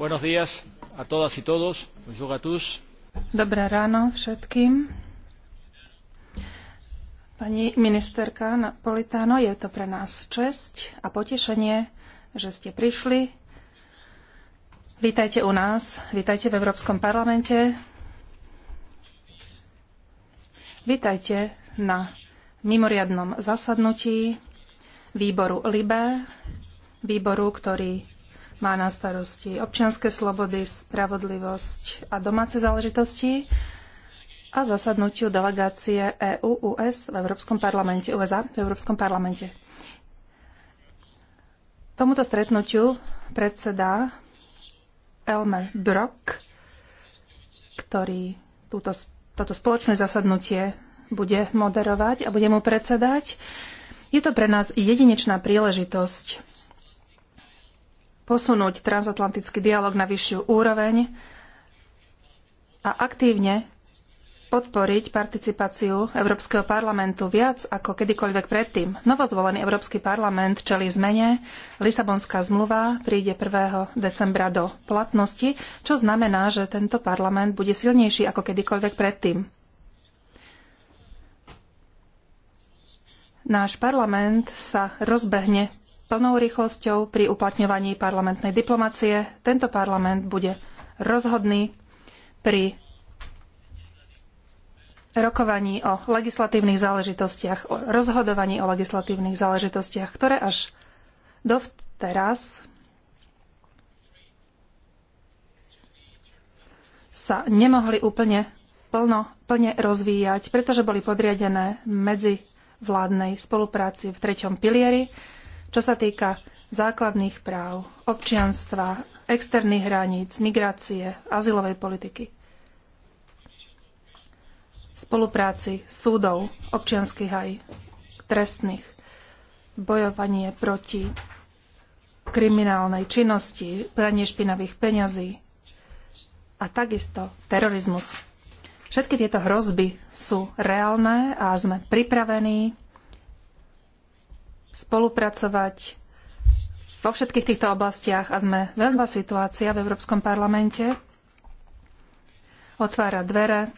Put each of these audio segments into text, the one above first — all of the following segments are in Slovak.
Buenos días a todas y todos. Bonjour tous. Dobré ráno všetkým. Pani ministerka Napolitano, je to pre nás česť a potešenie, že ste prišli. Vítajte u nás, vítajte v Európskom parlamente. Vítajte na mimoriadnom zasadnutí výboru LIBE, výboru, ktorý má na starosti občianske slobody, spravodlivosť a domáce záležitosti a zasadnutiu delegácie EU-US v Európskom parlamente, USA v Európskom parlamente. Tomuto stretnutiu predseda Elmer Brock, ktorý túto, toto spoločné zasadnutie bude moderovať a bude mu predsedať. Je to pre nás jedinečná príležitosť posunúť transatlantický dialog na vyššiu úroveň a aktívne podporiť participáciu Európskeho parlamentu viac ako kedykoľvek predtým. Novozvolený Európsky parlament čelí zmene, Lisabonská zmluva príde 1. decembra do platnosti, čo znamená, že tento parlament bude silnejší ako kedykoľvek predtým. Náš parlament sa rozbehne plnou rýchlosťou pri uplatňovaní parlamentnej diplomacie. Tento parlament bude rozhodný pri rokovaní o legislatívnych záležitostiach, o rozhodovaní o legislatívnych záležitostiach, ktoré až dovteraz sa nemohli úplne plno, plne rozvíjať, pretože boli podriadené medzi vládnej spolupráci v treťom pilieri čo sa týka základných práv, občianstva, externých hraníc, migrácie, azylovej politiky, spolupráci súdov, občianských aj trestných, bojovanie proti kriminálnej činnosti, pranie špinavých peňazí a takisto terorizmus. Všetky tieto hrozby sú reálne a sme pripravení spolupracovať vo všetkých týchto oblastiach a sme veľká situácia v Európskom parlamente otvára dvere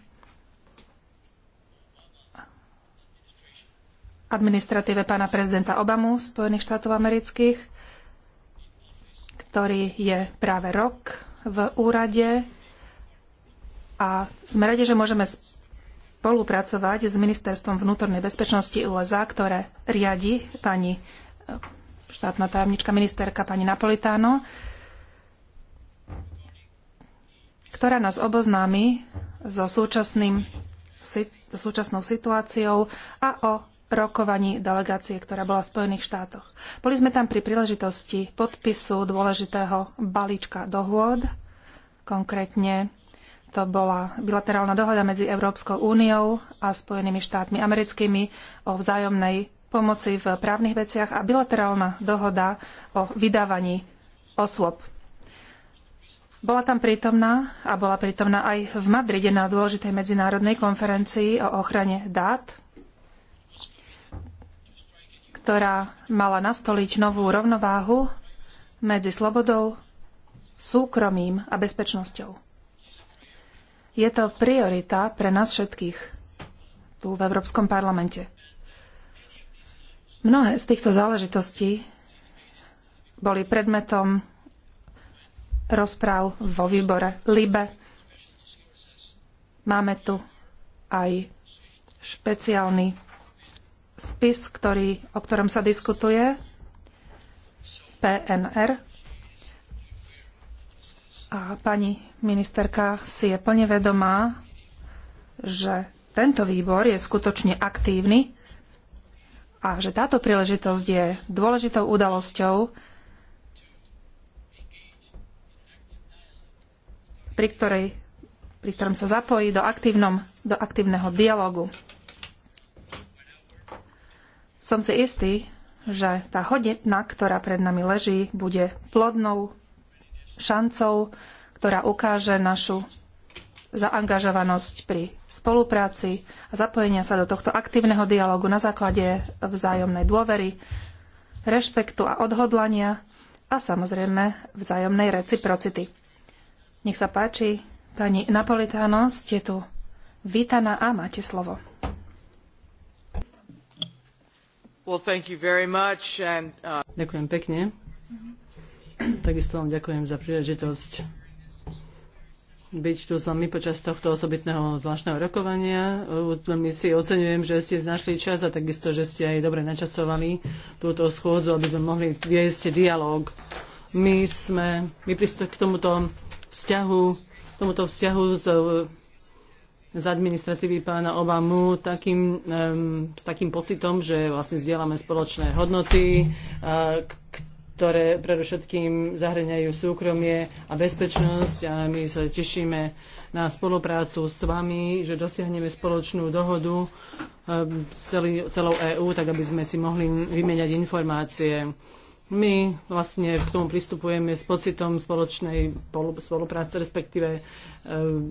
administratíve pána prezidenta Obamu Spojených štátov amerických, ktorý je práve rok v úrade a sme radi, že môžeme spolupracovať s Ministerstvom vnútornej bezpečnosti USA, ktoré riadi pani e, štátna tajomnička ministerka pani Napolitáno, ktorá nás oboznámi so súčasným, súčasnou situáciou a o rokovaní delegácie, ktorá bola v Spojených štátoch. Boli sme tam pri príležitosti podpisu dôležitého balíčka dohôd, konkrétne to bola bilaterálna dohoda medzi Európskou úniou a Spojenými štátmi americkými o vzájomnej pomoci v právnych veciach a bilaterálna dohoda o vydávaní osôb. Bola tam prítomná a bola prítomná aj v Madride na dôležitej medzinárodnej konferencii o ochrane dát, ktorá mala nastoliť novú rovnováhu medzi slobodou, súkromím a bezpečnosťou. Je to priorita pre nás všetkých tu v Európskom parlamente. Mnohé z týchto záležitostí boli predmetom rozpráv vo výbore LIBE. Máme tu aj špeciálny spis, ktorý, o ktorom sa diskutuje, PNR, a pani ministerka si je plne vedomá, že tento výbor je skutočne aktívny a že táto príležitosť je dôležitou udalosťou, pri, ktorej, pri ktorom sa zapojí do, aktívnom, do aktívneho dialogu. Som si istý, že tá hodina, ktorá pred nami leží, bude plodnou šancou, ktorá ukáže našu zaangažovanosť pri spolupráci a zapojenia sa do tohto aktívneho dialogu na základe vzájomnej dôvery, rešpektu a odhodlania a samozrejme vzájomnej reciprocity. Nech sa páči, pani Napolitáno, ste tu vítaná a máte slovo. Well, and, uh... Ďakujem pekne. Mm -hmm. Takisto vám ďakujem za príležitosť byť tu s vami počas tohto osobitného zvláštneho rokovania. Veľmi si ocenujem, že ste našli čas a takisto, že ste aj dobre načasovali túto schôdzu, aby sme mohli viesť dialog. My sme, my k tomuto vzťahu, tomuto vzťahu z, z administratívy pána Obamu takým, um, s takým pocitom, že vlastne zdieľame spoločné hodnoty, uh, ktoré predovšetkým zahrňajú súkromie a bezpečnosť a my sa tešíme na spoluprácu s vami, že dosiahneme spoločnú dohodu um, s celý, celou EÚ, tak aby sme si mohli vymeniať informácie. My vlastne k tomu pristupujeme s pocitom spoločnej spolupráce, respektíve um,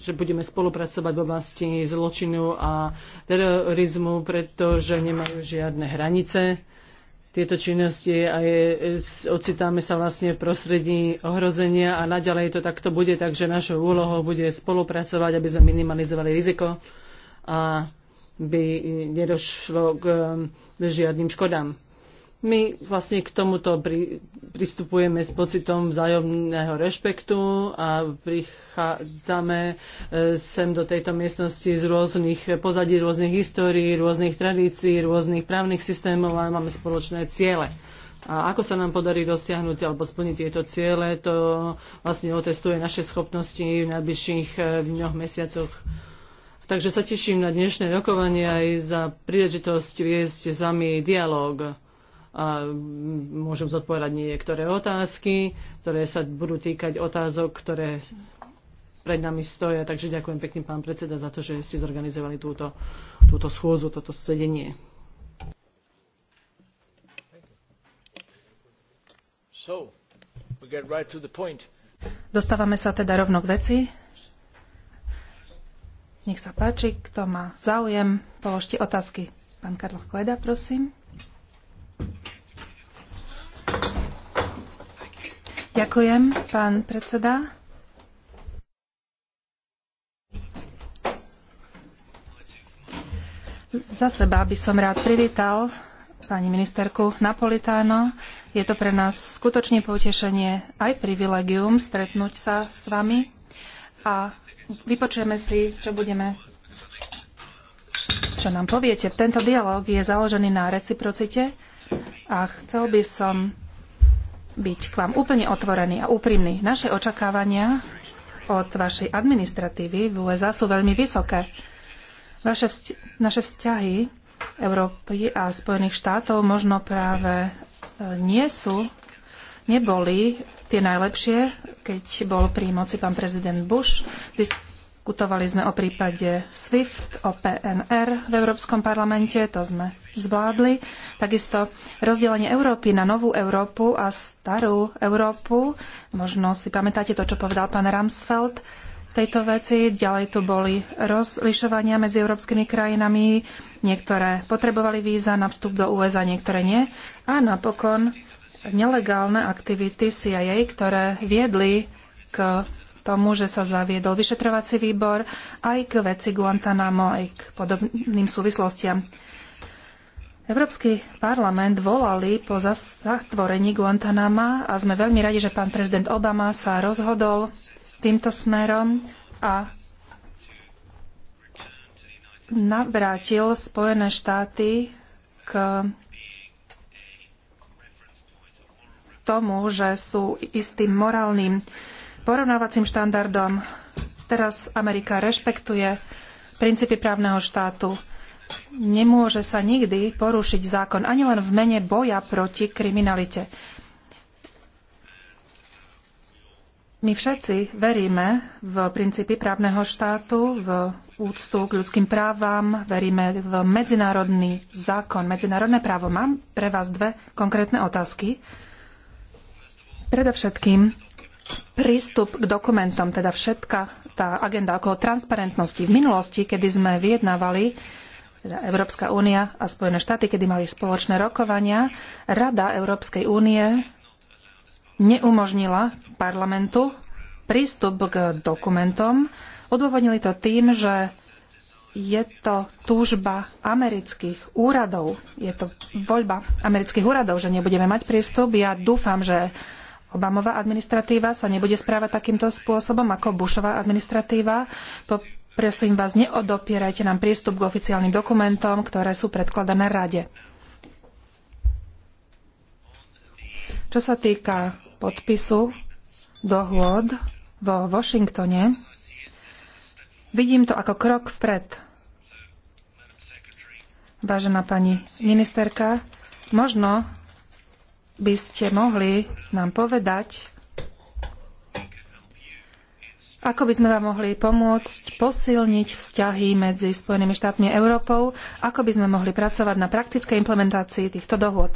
že budeme spolupracovať v oblasti zločinu a terorizmu, pretože nemajú žiadne hranice tieto činnosti a je, ocitáme sa vlastne v prostredí ohrozenia a naďalej to takto bude, takže našou úlohou bude spolupracovať, aby sme minimalizovali riziko a by nedošlo k um, žiadnym škodám. My vlastne k tomuto pri, pristupujeme s pocitom vzájomného rešpektu a prichádzame e, sem do tejto miestnosti z rôznych pozadí, rôznych histórií, rôznych tradícií, rôznych právnych systémov a máme spoločné ciele. A ako sa nám podarí dosiahnuť alebo splniť tieto ciele, to vlastne otestuje naše schopnosti v najbližších e, dňoch, mesiacoch. Takže sa teším na dnešné rokovanie aj za príležitosť viesť s vami dialog a môžem zodpovedať niektoré otázky, ktoré sa budú týkať otázok, ktoré pred nami stoja. Takže ďakujem pekne, pán predseda, za to, že ste zorganizovali túto, túto schôzu, toto sedenie. So, right Dostávame sa teda rovno k veci. Nech sa páči, kto má záujem, položte otázky. Pán Karlo Koeda, prosím. Ďakujem, pán predseda. Za seba by som rád privítal pani ministerku Napolitáno. Je to pre nás skutočne potešenie aj privilegium stretnúť sa s vami a vypočujeme si, čo budeme čo nám poviete. Tento dialog je založený na reciprocite a chcel by som byť k vám úplne otvorený a úprimný. Naše očakávania od vašej administratívy v USA sú veľmi vysoké. Vaše vzť- naše vzťahy Európy a Spojených štátov možno práve e, nie sú, neboli tie najlepšie, keď bol pri moci pán prezident Bush. Diskutovali sme o prípade SWIFT, o PNR v Európskom parlamente, to sme zvládli. Takisto rozdelenie Európy na novú Európu a starú Európu. Možno si pamätáte to, čo povedal pán Ramsfeld tejto veci. Ďalej tu boli rozlišovania medzi európskymi krajinami. Niektoré potrebovali víza na vstup do USA, niektoré nie. A napokon nelegálne aktivity CIA, ktoré viedli k tomu, že sa zaviedol vyšetrovací výbor aj k veci Guantanamo, aj k podobným súvislostiam. Európsky parlament volali po zatvorení Guantanama a sme veľmi radi, že pán prezident Obama sa rozhodol týmto smerom a navrátil Spojené štáty k tomu, že sú istým morálnym porovnávacím štandardom. Teraz Amerika rešpektuje princípy právneho štátu. Nemôže sa nikdy porušiť zákon ani len v mene boja proti kriminalite. My všetci veríme v princípy právneho štátu, v úctu k ľudským právam, veríme v medzinárodný zákon, medzinárodné právo. Mám pre vás dve konkrétne otázky. Predovšetkým, prístup k dokumentom, teda všetka tá agenda okolo transparentnosti. V minulosti, kedy sme vyjednávali, teda Európska únia a Spojené štáty, kedy mali spoločné rokovania, Rada Európskej únie neumožnila parlamentu prístup k dokumentom. Odôvodnili to tým, že je to túžba amerických úradov. Je to voľba amerických úradov, že nebudeme mať prístup. Ja dúfam, že Obamová administratíva sa nebude správať takýmto spôsobom ako Bushová administratíva. Poprosím vás, neodopierajte nám prístup k oficiálnym dokumentom, ktoré sú predkladané rade. Čo sa týka podpisu dohôd vo Washingtone, vidím to ako krok vpred. Vážená pani ministerka, možno by ste mohli nám povedať, ako by sme vám mohli pomôcť posilniť vzťahy medzi Spojenými štátmi a Európou? Ako by sme mohli pracovať na praktickej implementácii týchto dohôd?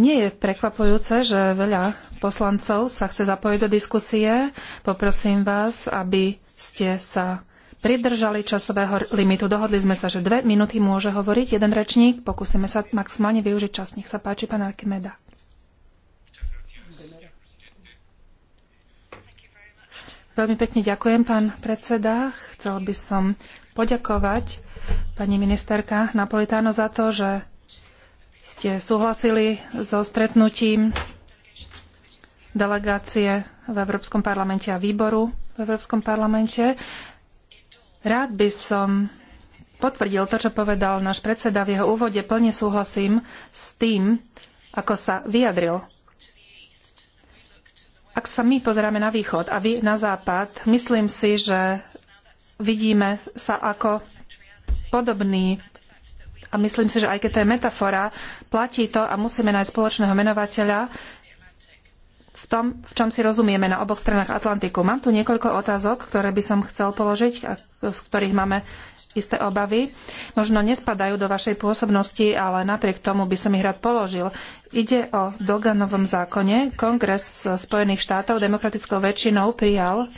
Nie je prekvapujúce, že veľa poslancov sa chce zapojiť do diskusie. Poprosím vás, aby ste sa pridržali časového limitu. Dohodli sme sa, že dve minúty môže hovoriť jeden rečník. Pokúsime sa maximálne využiť čas. Nech sa páči, pán Arkimeda. Veľmi pekne ďakujem, pán predseda. Chcel by som poďakovať pani ministerka Napolitáno za to, že ste súhlasili so stretnutím delegácie v Európskom parlamente a výboru v Európskom parlamente. Rád by som potvrdil to, čo povedal náš predseda v jeho úvode. Plne súhlasím s tým, ako sa vyjadril. Ak sa my pozeráme na východ a vy na západ, myslím si, že vidíme sa ako podobný a myslím si, že aj keď to je metafora, platí to a musíme nájsť spoločného menovateľa v tom, v čom si rozumieme na oboch stranách Atlantiku. Mám tu niekoľko otázok, ktoré by som chcel položiť a z ktorých máme isté obavy. Možno nespadajú do vašej pôsobnosti, ale napriek tomu by som ich rád položil. Ide o Doganovom zákone. Kongres Spojených štátov demokratickou väčšinou prijal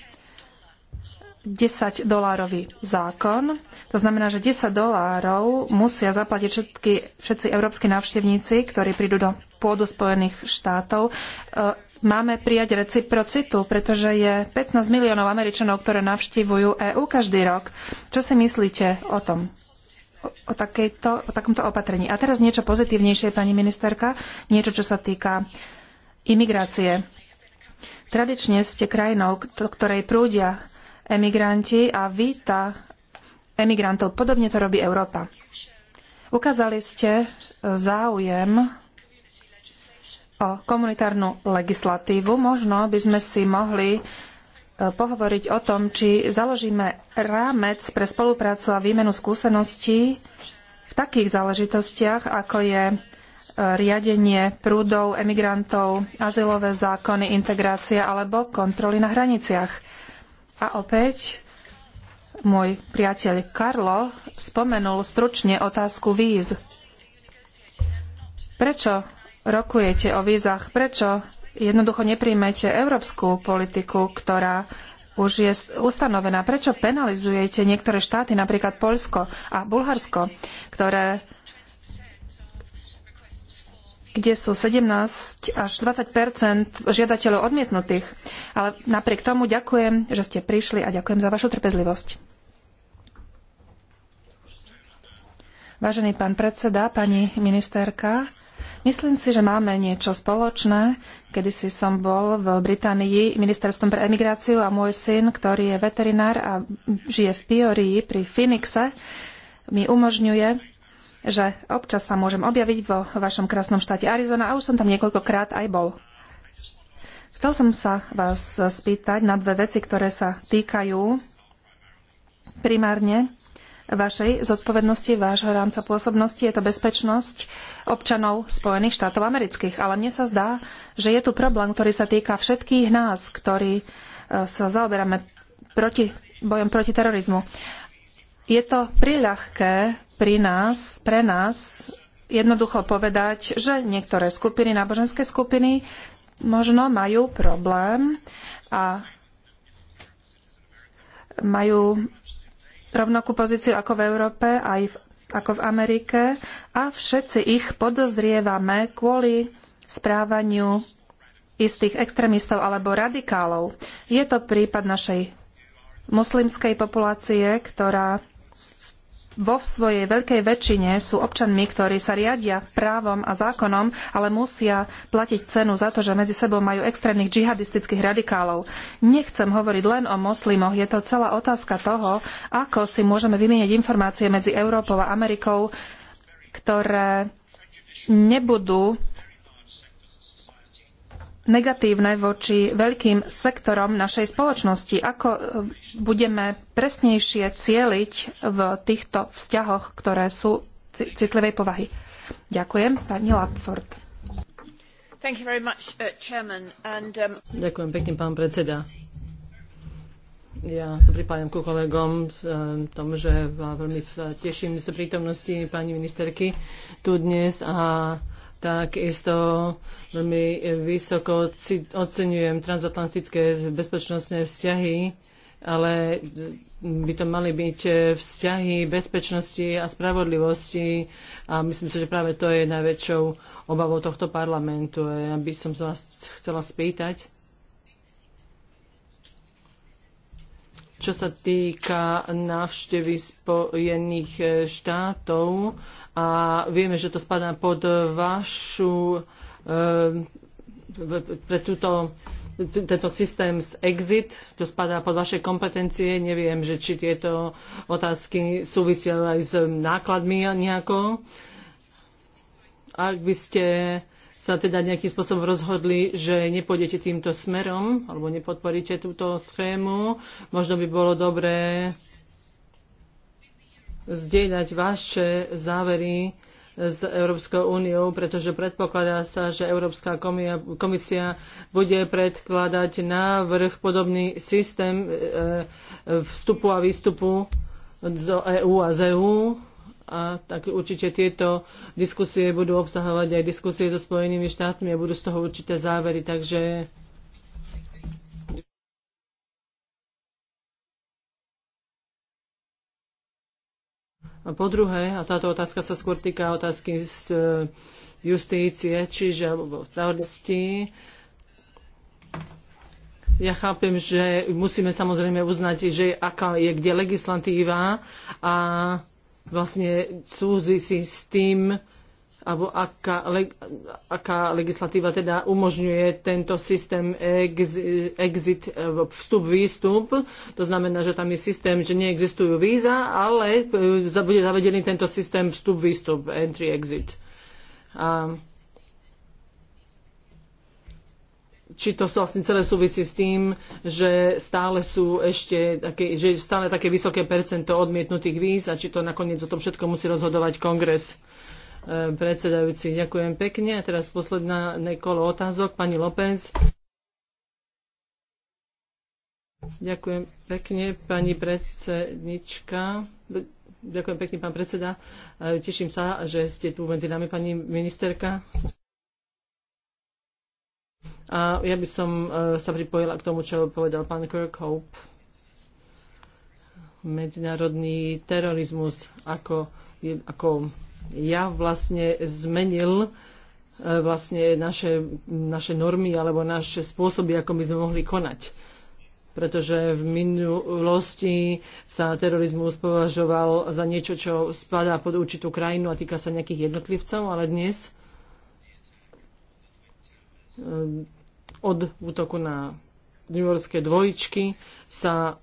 10 dolárový zákon. To znamená, že 10 dolárov musia zaplatiť všetky, všetci európsky návštevníci, ktorí prídu do pôdu Spojených štátov. E, máme prijať reciprocitu, pretože je 15 miliónov Američanov, ktoré navštívujú EÚ každý rok. Čo si myslíte o tom? O, takejto, o takomto opatrení. A teraz niečo pozitívnejšie, pani ministerka, niečo, čo sa týka imigrácie. Tradične ste krajinou, ktorej prúdia emigranti a víta emigrantov. Podobne to robí Európa. Ukázali ste záujem o komunitárnu legislatívu, možno by sme si mohli e, pohovoriť o tom, či založíme rámec pre spoluprácu a výmenu skúseností v takých záležitostiach, ako je e, riadenie prúdov, emigrantov, azylové zákony, integrácia alebo kontroly na hraniciach. A opäť môj priateľ Karlo spomenul stručne otázku víz. Prečo rokujete o vízach, prečo jednoducho nepríjmete európsku politiku, ktorá už je ustanovená. Prečo penalizujete niektoré štáty, napríklad Poľsko a Bulharsko, ktoré kde sú 17 až 20 žiadateľov odmietnutých. Ale napriek tomu ďakujem, že ste prišli a ďakujem za vašu trpezlivosť. Vážený pán predseda, pani ministerka, Myslím si, že máme niečo spoločné. Kedy si som bol v Británii ministerstvom pre emigráciu a môj syn, ktorý je veterinár a žije v Piorii pri Phoenixe, mi umožňuje, že občas sa môžem objaviť vo vašom krásnom štáte Arizona a už som tam niekoľkokrát aj bol. Chcel som sa vás spýtať na dve veci, ktoré sa týkajú primárne vašej zodpovednosti, vášho rámca pôsobnosti. Je to bezpečnosť občanov Spojených štátov amerických. Ale mne sa zdá, že je tu problém, ktorý sa týka všetkých nás, ktorí e, sa zaoberáme proti, bojom proti terorizmu. Je to priľahké pri nás, pre nás jednoducho povedať, že niektoré skupiny, náboženské skupiny možno majú problém a majú rovnakú pozíciu ako v Európe, aj v, ako v Amerike a všetci ich podozrievame kvôli správaniu istých extrémistov alebo radikálov. Je to prípad našej moslimskej populácie, ktorá vo svojej veľkej väčšine sú občanmi, ktorí sa riadia právom a zákonom, ale musia platiť cenu za to, že medzi sebou majú extrémnych džihadistických radikálov. Nechcem hovoriť len o moslimoch, je to celá otázka toho, ako si môžeme vymieňať informácie medzi Európou a Amerikou, ktoré nebudú negatívne voči veľkým sektorom našej spoločnosti. Ako e, budeme presnejšie cieliť v týchto vzťahoch, ktoré sú citlivej povahy? Ďakujem, pani Lapford. Much, uh, And, um... Ďakujem pekne, pán predseda. Ja sa pripájam ku kolegom v e, tom, že veľmi sa teším z prítomnosti pani ministerky tu dnes a Takisto veľmi vysoko oceňujem transatlantické bezpečnostné vzťahy, ale by to mali byť vzťahy bezpečnosti a spravodlivosti a myslím si, že práve to je najväčšou obavou tohto parlamentu. Ja by som sa vás chcela spýtať, čo sa týka návštevy Spojených štátov a vieme, že to spadá pod vašu eh, pre túto tento systém z exit, to spadá pod vaše kompetencie. Neviem, že či tieto otázky súvisia aj s nákladmi nejako. Ak by ste sa teda nejakým spôsobom rozhodli, že nepôjdete týmto smerom alebo nepodporíte túto schému, možno by bolo dobré zdieľať vaše závery s Európskou úniou, pretože predpokladá sa, že Európska komisia bude predkladať návrh podobný systém e, e, vstupu a výstupu z EÚ a z EÚ a tak určite tieto diskusie budú obsahovať aj diskusie so Spojenými štátmi a budú z toho určité závery. Takže A po druhé, a táto otázka sa skôr týka otázky z e, justície, čiže alebo spravodlivosti, ja chápem, že musíme samozrejme uznať, že aká je kde legislatíva a vlastne súvisí s tým, alebo aká, leg, aká legislatíva teda umožňuje tento systém ex, exit, e, vstup, výstup. To znamená, že tam je systém, že neexistujú víza, ale e, bude zavedený tento systém vstup, výstup, entry, exit. A či to vlastne celé súvisí s tým, že stále sú ešte také, že stále také vysoké percento odmietnutých víz a či to nakoniec o tom všetko musí rozhodovať kongres predsedajúci. Ďakujem pekne. A teraz posledná nekolo otázok. Pani López. Ďakujem pekne, pani predsednička. Ďakujem pekne, pán predseda. Teším sa, že ste tu medzi nami, pani ministerka. A ja by som e, sa pripojila k tomu, čo povedal pán Kirkhope. Medzinárodný terorizmus ako, ako ja vlastne zmenil e, vlastne naše, naše normy alebo naše spôsoby, ako by sme mohli konať. Pretože v minulosti sa terorizmus považoval za niečo, čo spadá pod určitú krajinu a týka sa nejakých jednotlivcov, ale dnes e, od útoku na newyorské dvojičky sa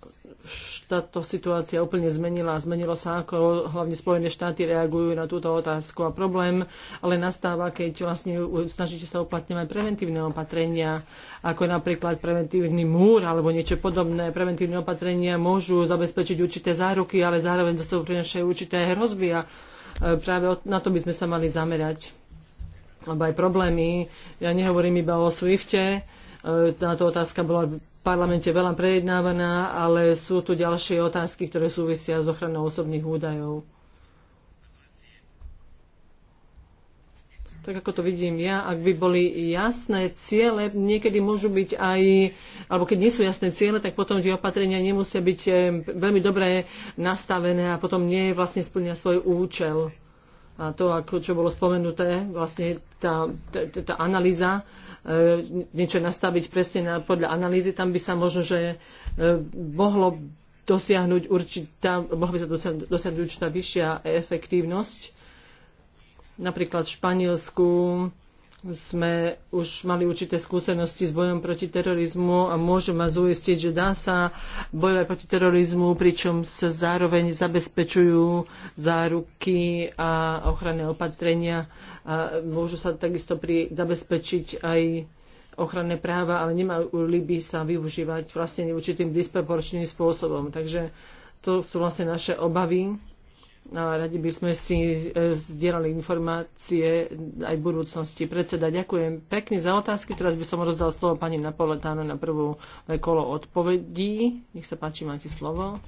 táto situácia úplne zmenila. a Zmenilo sa, ako hlavne Spojené štáty reagujú na túto otázku a problém, ale nastáva, keď vlastne snažíte sa uplatňovať preventívne opatrenia, ako napríklad preventívny múr alebo niečo podobné. Preventívne opatrenia môžu zabezpečiť určité záruky, ale zároveň zase prinašajú určité hrozby a e, práve na to by sme sa mali zamerať. Lebo aj problémy, ja nehovorím iba o Swifte, e, táto otázka bola parlamente veľa prejednávaná, ale sú tu ďalšie otázky, ktoré súvisia s ochranou osobných údajov. tak ako to vidím ja, ak by boli jasné ciele, niekedy môžu byť aj, alebo keď nie sú jasné ciele, tak potom tie opatrenia nemusia byť eh, veľmi dobre nastavené a potom nie vlastne splnia svoj účel. A to, ako, čo bolo spomenuté, vlastne tá, tá, tá analýza E, niečo nastaviť presne na, podľa analýzy, tam by sa možno, že e, mohlo dosiahnuť určitá, mohla by sa dosiahnuť, dosiahnuť určitá vyššia efektívnosť. Napríklad v Španielsku sme už mali určité skúsenosti s bojom proti terorizmu a môžem vás uistiť, že dá sa bojovať proti terorizmu, pričom sa zároveň zabezpečujú záruky a ochranné opatrenia a môžu sa takisto pri, zabezpečiť aj ochranné práva, ale nemali by sa využívať vlastne určitým disproporčným spôsobom. Takže to sú vlastne naše obavy a radi by sme si e, zdieľali informácie aj v budúcnosti. Predseda, ďakujem pekne za otázky. Teraz by som rozdal slovo pani Napoletánu na prvú e, kolo odpovedí. Nech sa páči, máte slovo.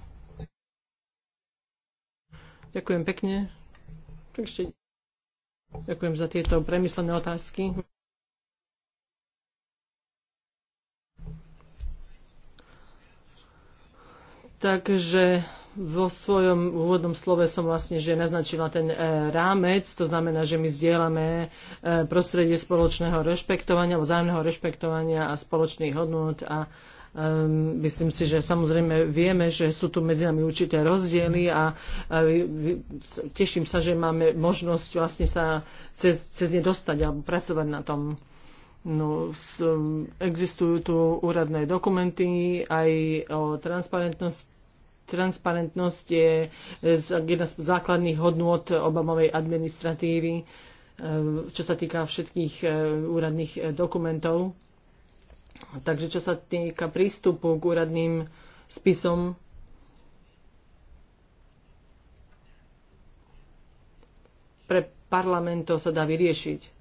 Ďakujem pekne. Takže ďakujem za tieto premyslené otázky. Takže vo svojom úvodnom slove som vlastne, že naznačila ten e, rámec, to znamená, že my zdieľame e, prostredie spoločného rešpektovania, vzájomného rešpektovania a spoločných hodnot a Um, myslím si, že samozrejme vieme, že sú tu medzi nami určité rozdiely a, a teším sa, že máme možnosť vlastne sa cez, cez ne dostať alebo pracovať na tom. No, s, existujú tu úradné dokumenty aj o transparentnosti transparentnosť je jedna z základných hodnôt Obamovej administratívy, eh, čo sa týka všetkých eh, úradných eh, dokumentov. Takže čo sa týka prístupu k úradným spisom, pre parlament to sa dá vyriešiť.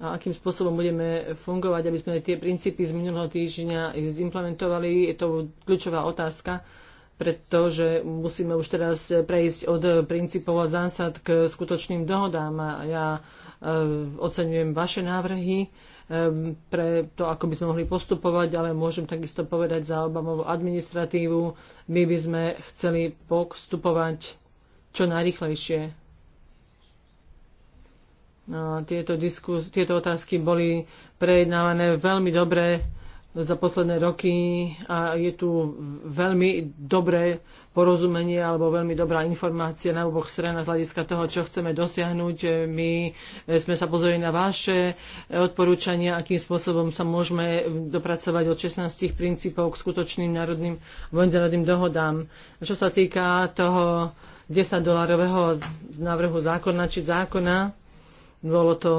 a akým spôsobom budeme fungovať, aby sme tie princípy z minulého týždňa zimplementovali. Je to kľúčová otázka, pretože musíme už teraz prejsť od princípov a zásad k skutočným dohodám. A ja e, oceňujem vaše návrhy e, pre to, ako by sme mohli postupovať, ale môžem takisto povedať za Obamovú administratívu, my by sme chceli postupovať čo najrychlejšie tieto, diskus, tieto otázky boli prejednávané veľmi dobre za posledné roky a je tu veľmi dobré porozumenie alebo veľmi dobrá informácia na oboch stranách z hľadiska toho, čo chceme dosiahnuť. My e, sme sa pozreli na vaše e, odporúčania, akým spôsobom sa môžeme dopracovať od 16 princípov k skutočným národným medzinárodným dohodám. Čo sa týka toho 10-dolárového návrhu zákona či zákona, bolo to...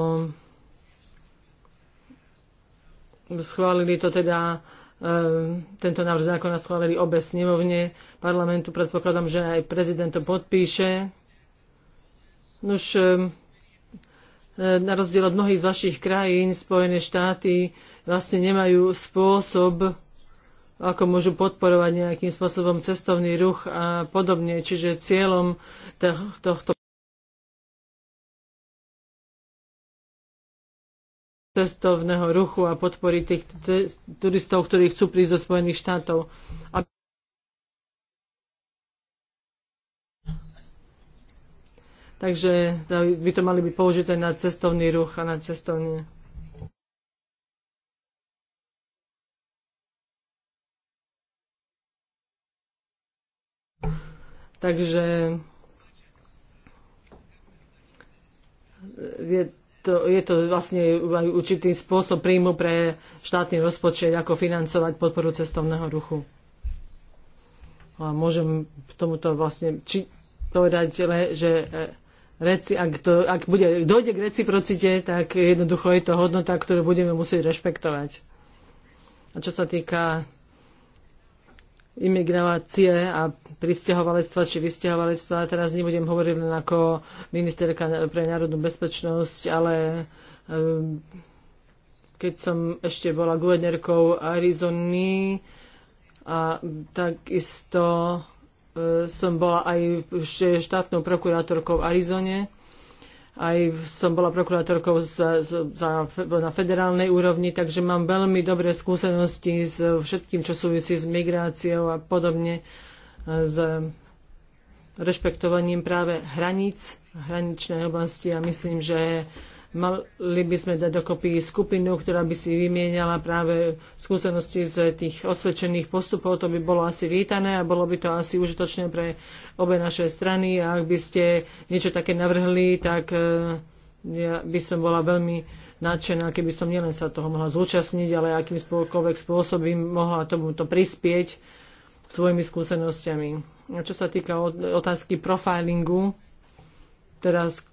Schválili to teda eh, tento návrh zákona schválili obe snemovne parlamentu. Predpokladám, že aj prezident to podpíše. Nož, eh, eh, na rozdiel od mnohých z vašich krajín, Spojené štáty vlastne nemajú spôsob, ako môžu podporovať nejakým spôsobom cestovný ruch a podobne. Čiže cieľom tohto cestovného ruchu a podpory tých turistov, ktorí chcú prísť do Spojených štátov. A Takže by to mali byť použité na cestovný ruch a na cestovne. Takže je to, je to vlastne aj určitý spôsob príjmu pre štátny rozpočet, ako financovať podporu cestovného ruchu. A môžem k tomuto vlastne či, povedať, že e, reci, ak, to, ak bude, dojde k reciprocite, tak jednoducho je to hodnota, ktorú budeme musieť rešpektovať. A čo sa týka imigrácie a pristahovalectva či vysťahovalectva. Teraz nebudem hovoriť len ako ministerka pre národnú bezpečnosť, ale ehm, keď som ešte bola guvernérkou Arizony a takisto e, som bola aj štátnou prokurátorkou v Arizone, aj som bola prokurátorkou za, za, na federálnej úrovni, takže mám veľmi dobré skúsenosti s všetkým, čo súvisí s migráciou a podobne, s rešpektovaním práve hraníc, hraničnej oblasti a myslím, že Mali by sme dať dokopy skupinu, ktorá by si vymieniala práve skúsenosti z tých osvedčených postupov. To by bolo asi vítané a bolo by to asi užitočné pre obe naše strany. A ak by ste niečo také navrhli, tak e, ja by som bola veľmi nadšená, keby som nielen sa toho mohla zúčastniť, ale akým spôsobom mohla tomuto prispieť svojimi skúsenostiami. A čo sa týka otázky profilingu, teraz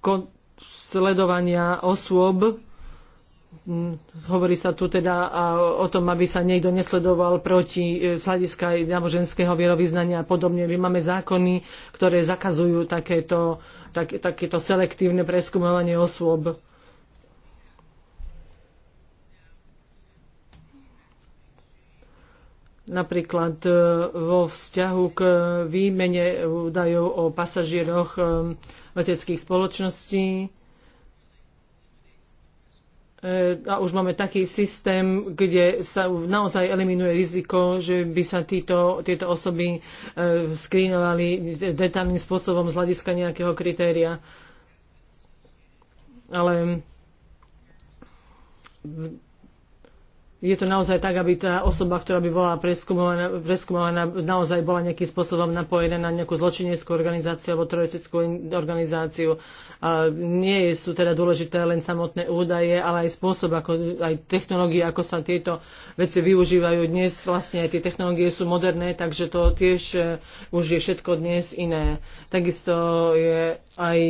sledovania osôb. Mm, hovorí sa tu teda o tom, aby sa niekto nesledoval proti e, z hľadiska náboženského vierovýznania a podobne. My máme zákony, ktoré zakazujú takéto, tak, takéto selektívne preskúmovanie osôb. napríklad e, vo vzťahu k výmene údajov o pasažieroch e, leteckých spoločností. E, a už máme taký systém, kde sa naozaj eliminuje riziko, že by sa títo, tieto osoby e, skrínovali detálnym spôsobom z hľadiska nejakého kritéria. Ale je to naozaj tak, aby tá osoba, ktorá by bola preskúmovaná, preskúmovaná naozaj bola nejakým spôsobom napojená na nejakú zločineckú organizáciu alebo teroristickú organizáciu. A nie sú teda dôležité len samotné údaje, ale aj spôsob, ako, aj technológie, ako sa tieto veci využívajú dnes. Vlastne aj tie technológie sú moderné, takže to tiež e, už je všetko dnes iné. Takisto je aj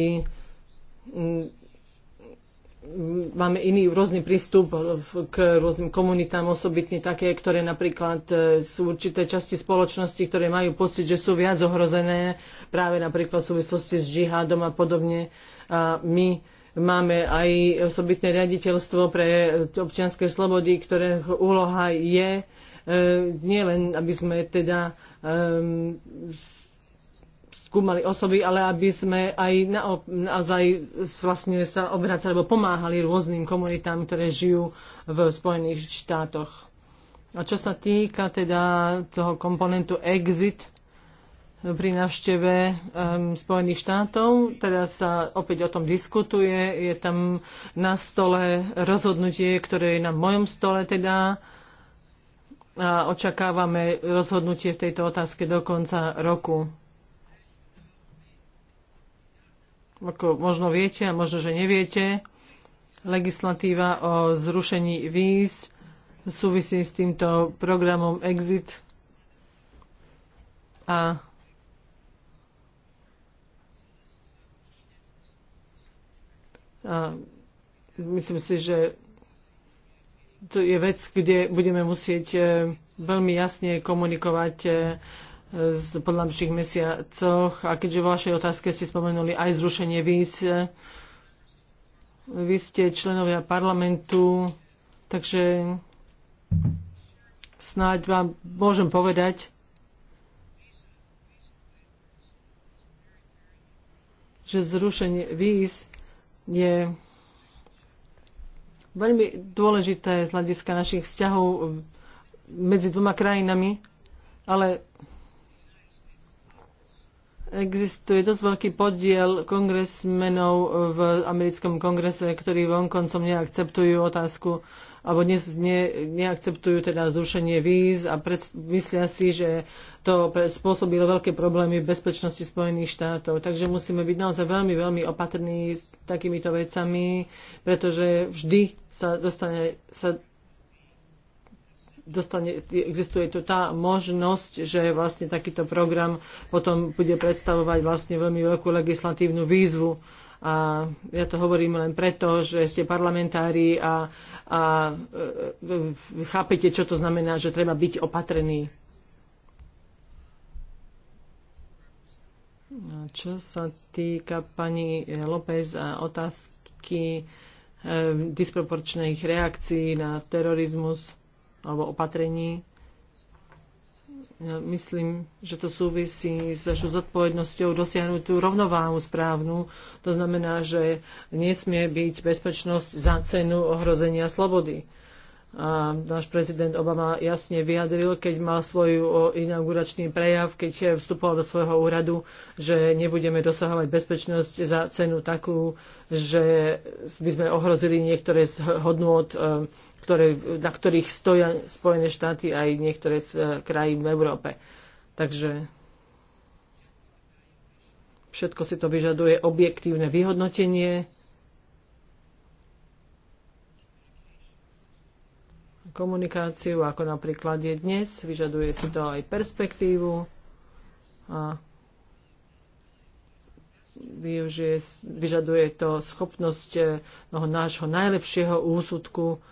máme iný rôzny prístup e, k rôznym komunitám, osobitne také, ktoré napríklad e, sú určité časti spoločnosti, ktoré majú pocit, že sú viac ohrozené práve napríklad v súvislosti s džihádom a podobne. A my máme aj osobitné riaditeľstvo pre občianske slobody, ktoré úloha je e, nielen, aby sme teda um, skúmali osoby, ale aby sme aj naozaj vlastne sa obracali alebo pomáhali rôznym komunitám, ktoré žijú v Spojených štátoch. A čo sa týka teda toho komponentu exit pri návšteve um, Spojených štátov, teda sa opäť o tom diskutuje, je tam na stole rozhodnutie, ktoré je na mojom stole teda, a očakávame rozhodnutie v tejto otázke do konca roku. ako možno viete a možno, že neviete, legislatíva o zrušení víz súvisí s týmto programom Exit a A myslím si, že to je vec, kde budeme musieť eh, veľmi jasne komunikovať eh, podľa podľajších mesiacoch. A keďže vo vašej otázke ste spomenuli aj zrušenie víz, vy ste členovia parlamentu, takže snáď vám môžem povedať, že zrušenie víz je veľmi dôležité z hľadiska našich vzťahov medzi dvoma krajinami, ale Existuje dosť veľký podiel kongresmenov v americkom kongrese, ktorí vonkoncom neakceptujú otázku alebo ne, ne, neakceptujú teda zrušenie víz a pred, myslia si, že to spôsobilo veľké problémy v bezpečnosti Spojených štátov. Takže musíme byť naozaj veľmi, veľmi opatrní s takýmito vecami, pretože vždy sa dostane, sa dostane, existuje tu tá možnosť, že vlastne takýto program potom bude predstavovať vlastne veľmi veľkú legislatívnu výzvu. A ja to hovorím len preto, že ste parlamentári a, a e, chápete, čo to znamená, že treba byť opatrený. No, čo sa týka pani López a otázky e, disproporčných reakcií na terorizmus, alebo opatrení. Myslím, že to súvisí s našou zodpovednosťou dosiahnuť tú rovnováhu správnu. To znamená, že nesmie byť bezpečnosť za cenu ohrozenia slobody. A náš prezident Obama jasne vyjadril, keď mal svoj inauguračný prejav, keď vstupoval do svojho úradu, že nebudeme dosahovať bezpečnosť za cenu takú, že by sme ohrozili niektoré z hodnôt e, ktoré, na ktorých stoja Spojené štáty aj niektoré z e, krajín v Európe. Takže všetko si to vyžaduje objektívne vyhodnotenie. komunikáciu, ako napríklad je dnes, vyžaduje si to aj perspektívu a vyžaduje to schopnosť e, no, nášho najlepšieho úsudku,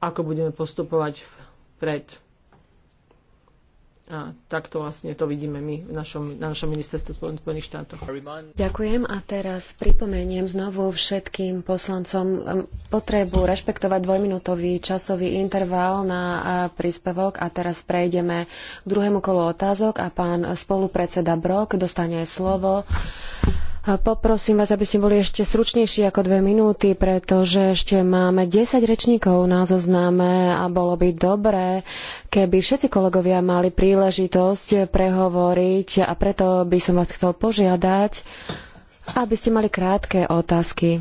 ako budeme postupovať pred. A takto vlastne to vidíme my v našom, na našom ministerstve Spojených štátov. Ďakujem a teraz pripomeniem znovu všetkým poslancom um, potrebu rešpektovať dvojminútový časový interval na príspevok a teraz prejdeme k druhému kolu otázok a pán spolupredseda Brok dostane slovo. Poprosím vás, aby ste boli ešte stručnejší ako dve minúty, pretože ešte máme 10 rečníkov na zozname a bolo by dobré, keby všetci kolegovia mali príležitosť prehovoriť a preto by som vás chcel požiadať, aby ste mali krátke otázky.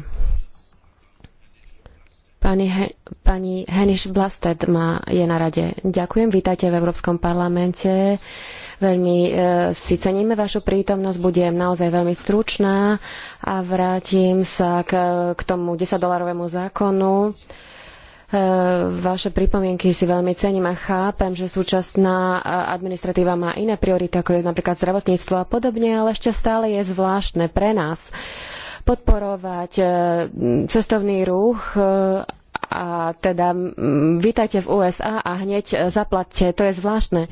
Pani, He- pani Heniš Blasted má, je na rade. Ďakujem, vítajte v Európskom parlamente. Veľmi e, si ceníme vašu prítomnosť, budem naozaj veľmi stručná a vrátim sa k, k tomu 10-dolarovému zákonu. E, vaše pripomienky si veľmi cením a chápem, že súčasná administratíva má iné priority, ako je napríklad zdravotníctvo a podobne, ale ešte stále je zvláštne pre nás podporovať e, cestovný ruch a teda vítajte v USA a hneď zaplatte. To je zvláštne.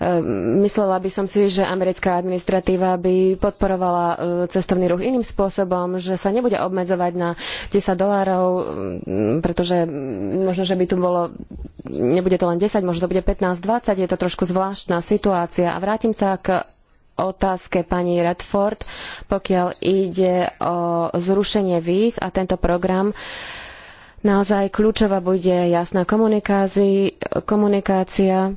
Ehm, myslela by som si, že americká administratíva by podporovala e, cestovný ruch iným spôsobom, že sa nebude obmedzovať na 10 dolárov, mm, pretože možno, že by tu bolo, nebude to len 10, možno to bude 15-20, je to trošku zvláštna situácia. A vrátim sa k otázke pani Redford, pokiaľ ide o zrušenie víz a tento program. Naozaj kľúčová bude jasná komunikácia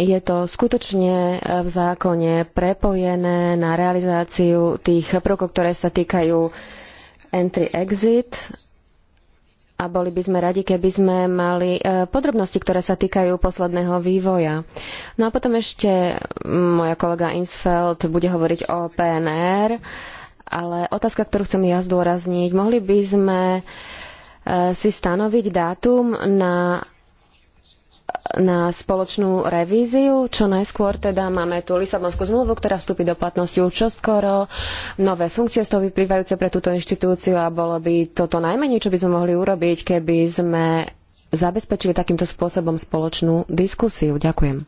je to skutočne e, v zákone prepojené na realizáciu tých prvkov, ktoré sa týkajú entry-exit a boli by sme radi, keby sme mali e, podrobnosti, ktoré sa týkajú posledného vývoja. No a potom ešte moja kolega Insfeld bude hovoriť o PNR, ale otázka, ktorú chcem ja zdôrazniť, mohli by sme e, si stanoviť dátum na na spoločnú revíziu. Čo najskôr teda máme tu Lisabonskú zmluvu, ktorá vstúpi do platnosti už čoskoro, nové funkcie z toho vyplývajúce pre túto inštitúciu a bolo by toto najmenej, čo by sme mohli urobiť, keby sme zabezpečili takýmto spôsobom spoločnú diskusiu. Ďakujem.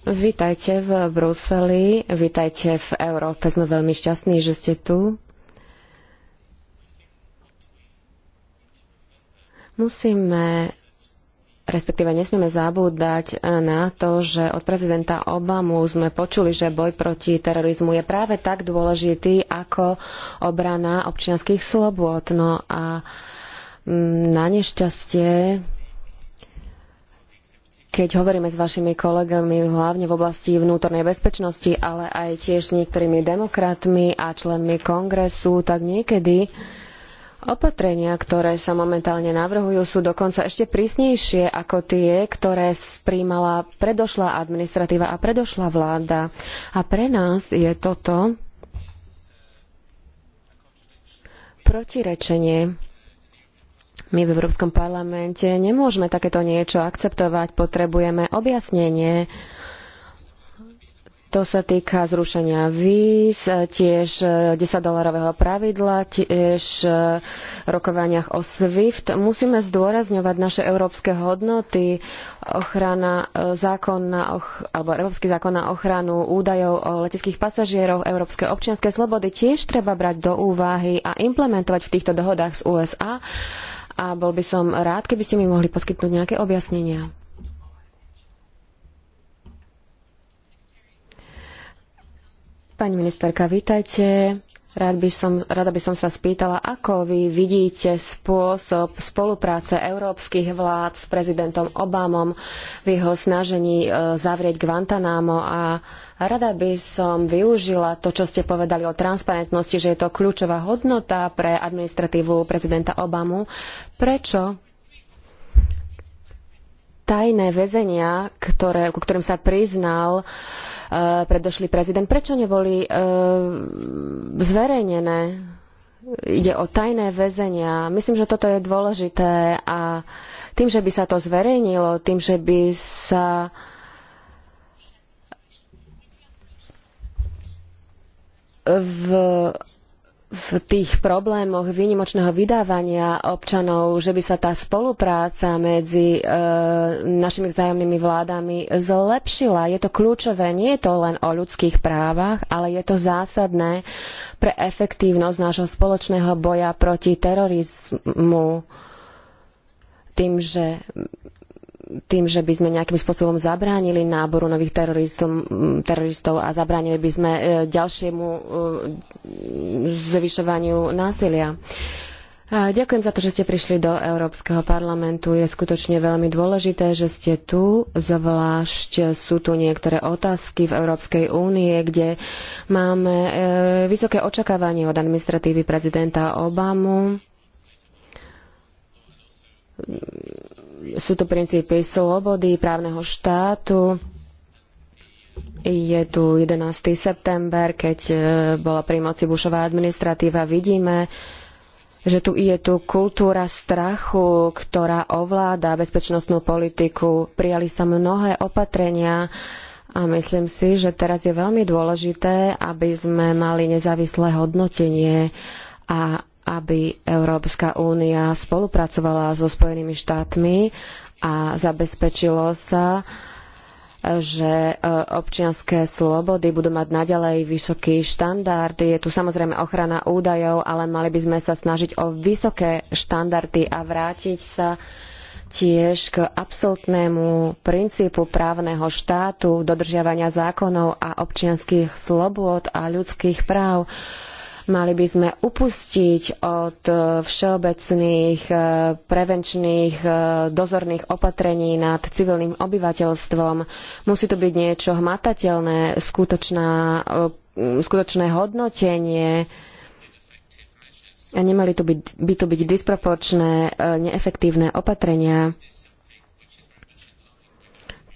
Vítajte v Bruseli, vítajte v Európe. Sme veľmi šťastní, že ste tu. Musíme respektíve nesmieme zabúdať eh, na to, že od prezidenta Obamu sme počuli, že boj proti terorizmu je práve tak dôležitý ako obrana občianských slobôd. No a mm, na nešťastie keď hovoríme s vašimi kolegami hlavne v oblasti vnútornej bezpečnosti, ale aj tiež s niektorými demokratmi a členmi kongresu, tak niekedy Opatrenia, ktoré sa momentálne navrhujú, sú dokonca ešte prísnejšie ako tie, ktoré príjmala predošlá administratíva a predošlá vláda. A pre nás je toto protirečenie. My v Európskom parlamente nemôžeme takéto niečo akceptovať, potrebujeme objasnenie to sa týka zrušenia víz, tiež 10-dolarového e, pravidla, tiež e, rokovaniach o SWIFT. Musíme zdôrazňovať naše európske hodnoty, ochrana e, alebo Európsky zákon na ochranu údajov o leteckých pasažieroch, európske občianske slobody tiež treba brať do úvahy a implementovať v týchto dohodách z USA. A bol by som rád, keby ste mi mohli poskytnúť nejaké objasnenia. Pani ministerka, vítajte. Rád by som, rada by som sa spýtala, ako vy vidíte spôsob spolupráce európskych vlád s prezidentom Obamom v jeho snažení e, zavrieť Guantanamo a rada by som využila to, čo ste povedali o transparentnosti, že je to kľúčová hodnota pre administratívu prezidenta Obamu. Prečo tajné väzenia, ktoré, ku ktorým sa priznal, uh, Eh, predošlý prezident. Prečo neboli eh, zverejnené? Ide o tajné väzenia. Myslím, že toto je dôležité a tým, že by sa to zverejnilo, tým, že by sa v v tých problémoch výnimočného vydávania občanov, že by sa tá spolupráca medzi e, našimi vzájomnými vládami zlepšila. Je to kľúčové, nie je to len o ľudských právach, ale je to zásadné pre efektívnosť nášho spoločného boja proti terorizmu tým, že tým, že by sme nejakým spôsobom zabránili náboru nových teroristov a zabránili by sme e, ďalšiemu e, zvyšovaniu násilia. E, ďakujem za to, že ste prišli do Európskeho parlamentu. Je skutočne veľmi dôležité, že ste tu, zvlášť sú tu niektoré otázky v Európskej únie, kde máme vysoké očakávanie od administratívy prezidenta Obamu sú tu princípy slobody, právneho štátu. Je tu 11. september, keď e, bola pri moci Bušová administratíva. Vidíme, že tu je tu kultúra strachu, ktorá ovláda bezpečnostnú politiku. Prijali sa mnohé opatrenia a myslím si, že teraz je veľmi dôležité, aby sme mali nezávislé hodnotenie a aby Európska únia spolupracovala so Spojenými štátmi a zabezpečilo sa, že e, občianske slobody budú mať naďalej vysoký štandard. Je tu samozrejme ochrana údajov, ale mali by sme sa snažiť o vysoké štandardy a vrátiť sa tiež k absolútnemu princípu právneho štátu, dodržiavania zákonov a občianskych slobôd a ľudských práv. Mali by sme upustiť od eh, všeobecných eh, prevenčných eh, dozorných opatrení nad civilným obyvateľstvom. Musí to byť niečo hmatateľné, skutočná, skutočné hodnotenie a nemali to byť, by to byť disproporčné, neefektívne opatrenia.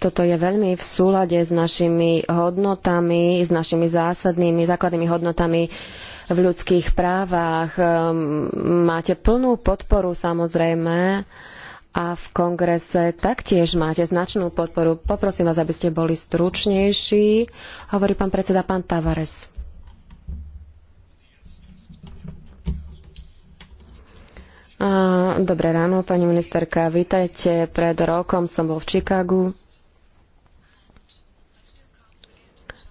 Toto je veľmi v súlade s našimi hodnotami, s našimi zásadnými, základnými hodnotami v ľudských právach. Ehm, máte plnú podporu samozrejme a v kongrese taktiež máte značnú podporu. Poprosím vás, aby ste boli stručnejší, hovorí pán predseda pán Tavares. Dobré ráno, pani ministerka, vítajte. Pred rokom som bol v Chicagu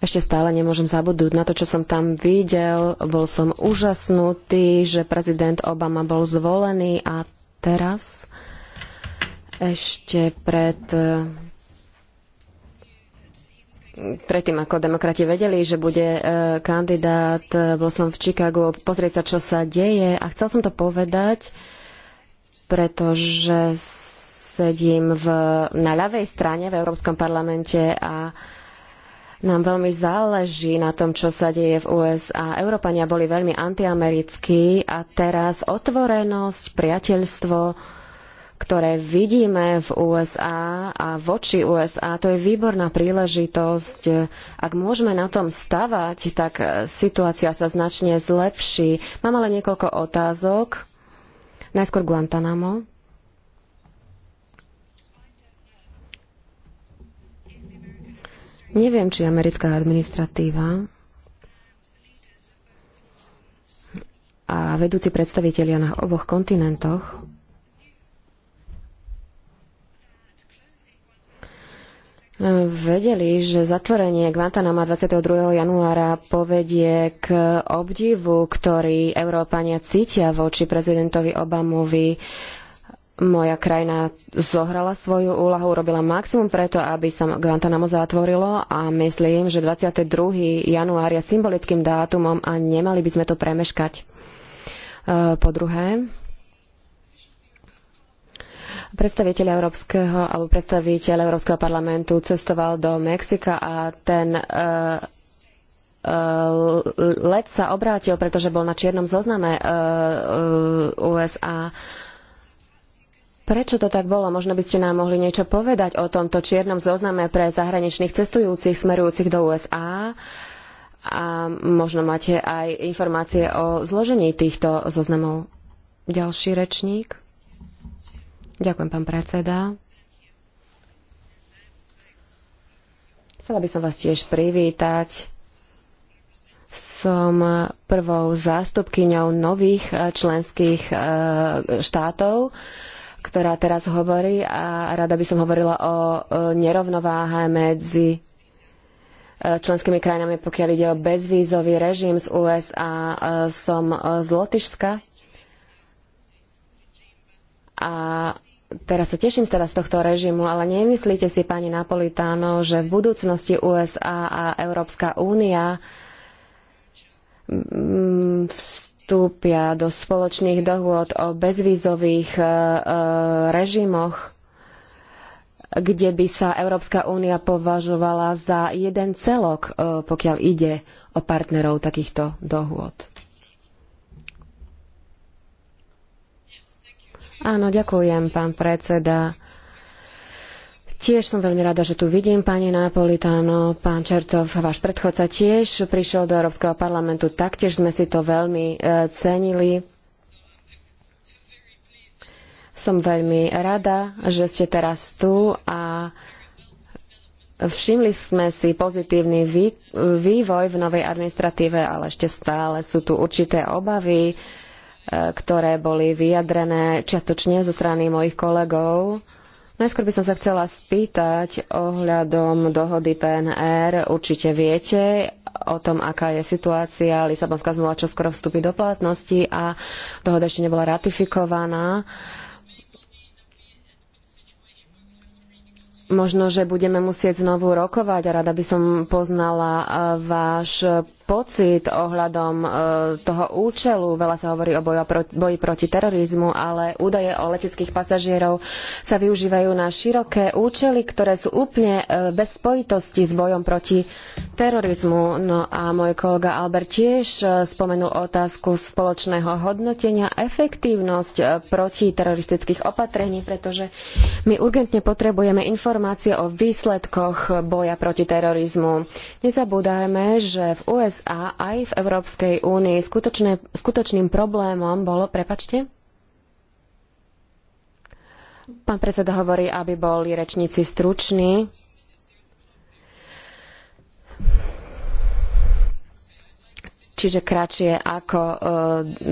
Ešte stále nemôžem zabudnúť na to, čo som tam videl. Bol som úžasnutý, že prezident Obama bol zvolený a teraz ešte pred predtým, ako demokrati vedeli, že bude e, kandidát, e, bol som v Chicagu pozrieť sa, čo sa deje a chcel som to povedať, pretože sedím v, na ľavej strane v Európskom parlamente a nám veľmi záleží na tom, čo sa deje v USA. Európania boli veľmi antiamerickí a teraz otvorenosť, priateľstvo, ktoré vidíme v USA a voči USA, to je výborná príležitosť. Ak môžeme na tom stavať, tak situácia sa značne zlepší. Mám ale niekoľko otázok. Najskôr Guantanamo. Neviem, či americká administratíva a vedúci predstavitelia na oboch kontinentoch vedeli, že zatvorenie Guantanama 22. januára povedie k obdivu, ktorý Európania cítia voči prezidentovi Obamovi moja krajina zohrala svoju úlohu, urobila maximum preto, aby sa Guantanamo zatvorilo a myslím, že 22. január je symbolickým dátumom a nemali by sme to premeškať. E, po druhé, predstaviteľ Európskeho alebo predstaviteľ Európskeho parlamentu cestoval do Mexika a ten e, e, let sa obrátil, pretože bol na čiernom zozname USA Prečo to tak bolo? Možno by ste nám mohli niečo povedať o tomto čiernom zozname pre zahraničných cestujúcich smerujúcich do USA a možno máte aj informácie o zložení týchto zoznamov. Ďalší rečník. Ďakujem, pán predseda. Chcela by som vás tiež privítať. Som prvou zástupkyňou nových členských eh, štátov ktorá teraz hovorí a rada by som hovorila o nerovnováhe medzi e, členskými krajinami, pokiaľ ide o bezvízový režim z USA. E, som e, z Lotyšska a teraz sa teším teda z tohto režimu, ale nemyslíte si, pani Napolitáno, že v budúcnosti USA a Európska únia vstúpia do spoločných dohôd o bezvízových e, e, režimoch, kde by sa Európska únia považovala za jeden celok, e, pokiaľ ide o partnerov takýchto dohôd. Áno, ďakujem, pán predseda. Tiež som veľmi rada, že tu vidím pani Napolitano, pán Čertov, váš predchodca tiež prišiel do Európskeho parlamentu, taktiež sme si to veľmi e, cenili. Som veľmi rada, že ste teraz tu a Všimli sme si pozitívny vývoj v novej administratíve, ale ešte stále sú tu určité obavy, e, ktoré boli vyjadrené čiastočne zo strany mojich kolegov. Najskôr by som sa chcela spýtať ohľadom dohody PNR. Určite viete o tom, aká je situácia. Lisabonská zmluva čoskoro vstúpi do platnosti a dohoda ešte nebola ratifikovaná. Uh, Možno, že budeme musieť znovu rokovať a rada by som poznala e, váš pocit ohľadom e, toho účelu. Veľa sa hovorí o boji proti terorizmu, ale údaje o leteckých pasažierov sa využívajú na široké účely, ktoré sú úplne e, bez spojitosti s bojom proti terorizmu. No a môj kolega Albert tiež e, spomenul otázku spoločného hodnotenia efektívnosť e, protiteroristických opatrení, pretože my urgentne potrebujeme informácie o výsledkoch boja proti terorizmu. Nezabúdajme, že v USA aj v Európskej únii skutočne, skutočným problémom bolo, prepačte, Pán predseda hovorí, aby boli rečníci struční čiže kratšie ako e,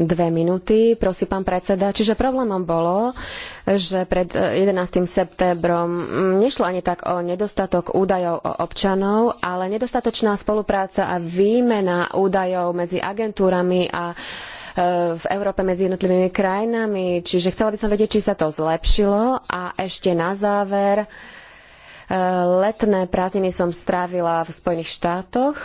dve minúty, prosím pán predseda. Čiže problémom bolo, že pred 11. E, septembrom mm, nešlo ani tak o nedostatok údajov o občanov, ale nedostatočná spolupráca a výmena údajov medzi agentúrami a e, v Európe medzi jednotlivými krajinami. Čiže chcela by som vedieť, či sa to zlepšilo. A ešte na záver, E, Letné prázdniny som strávila v Spojených štátoch.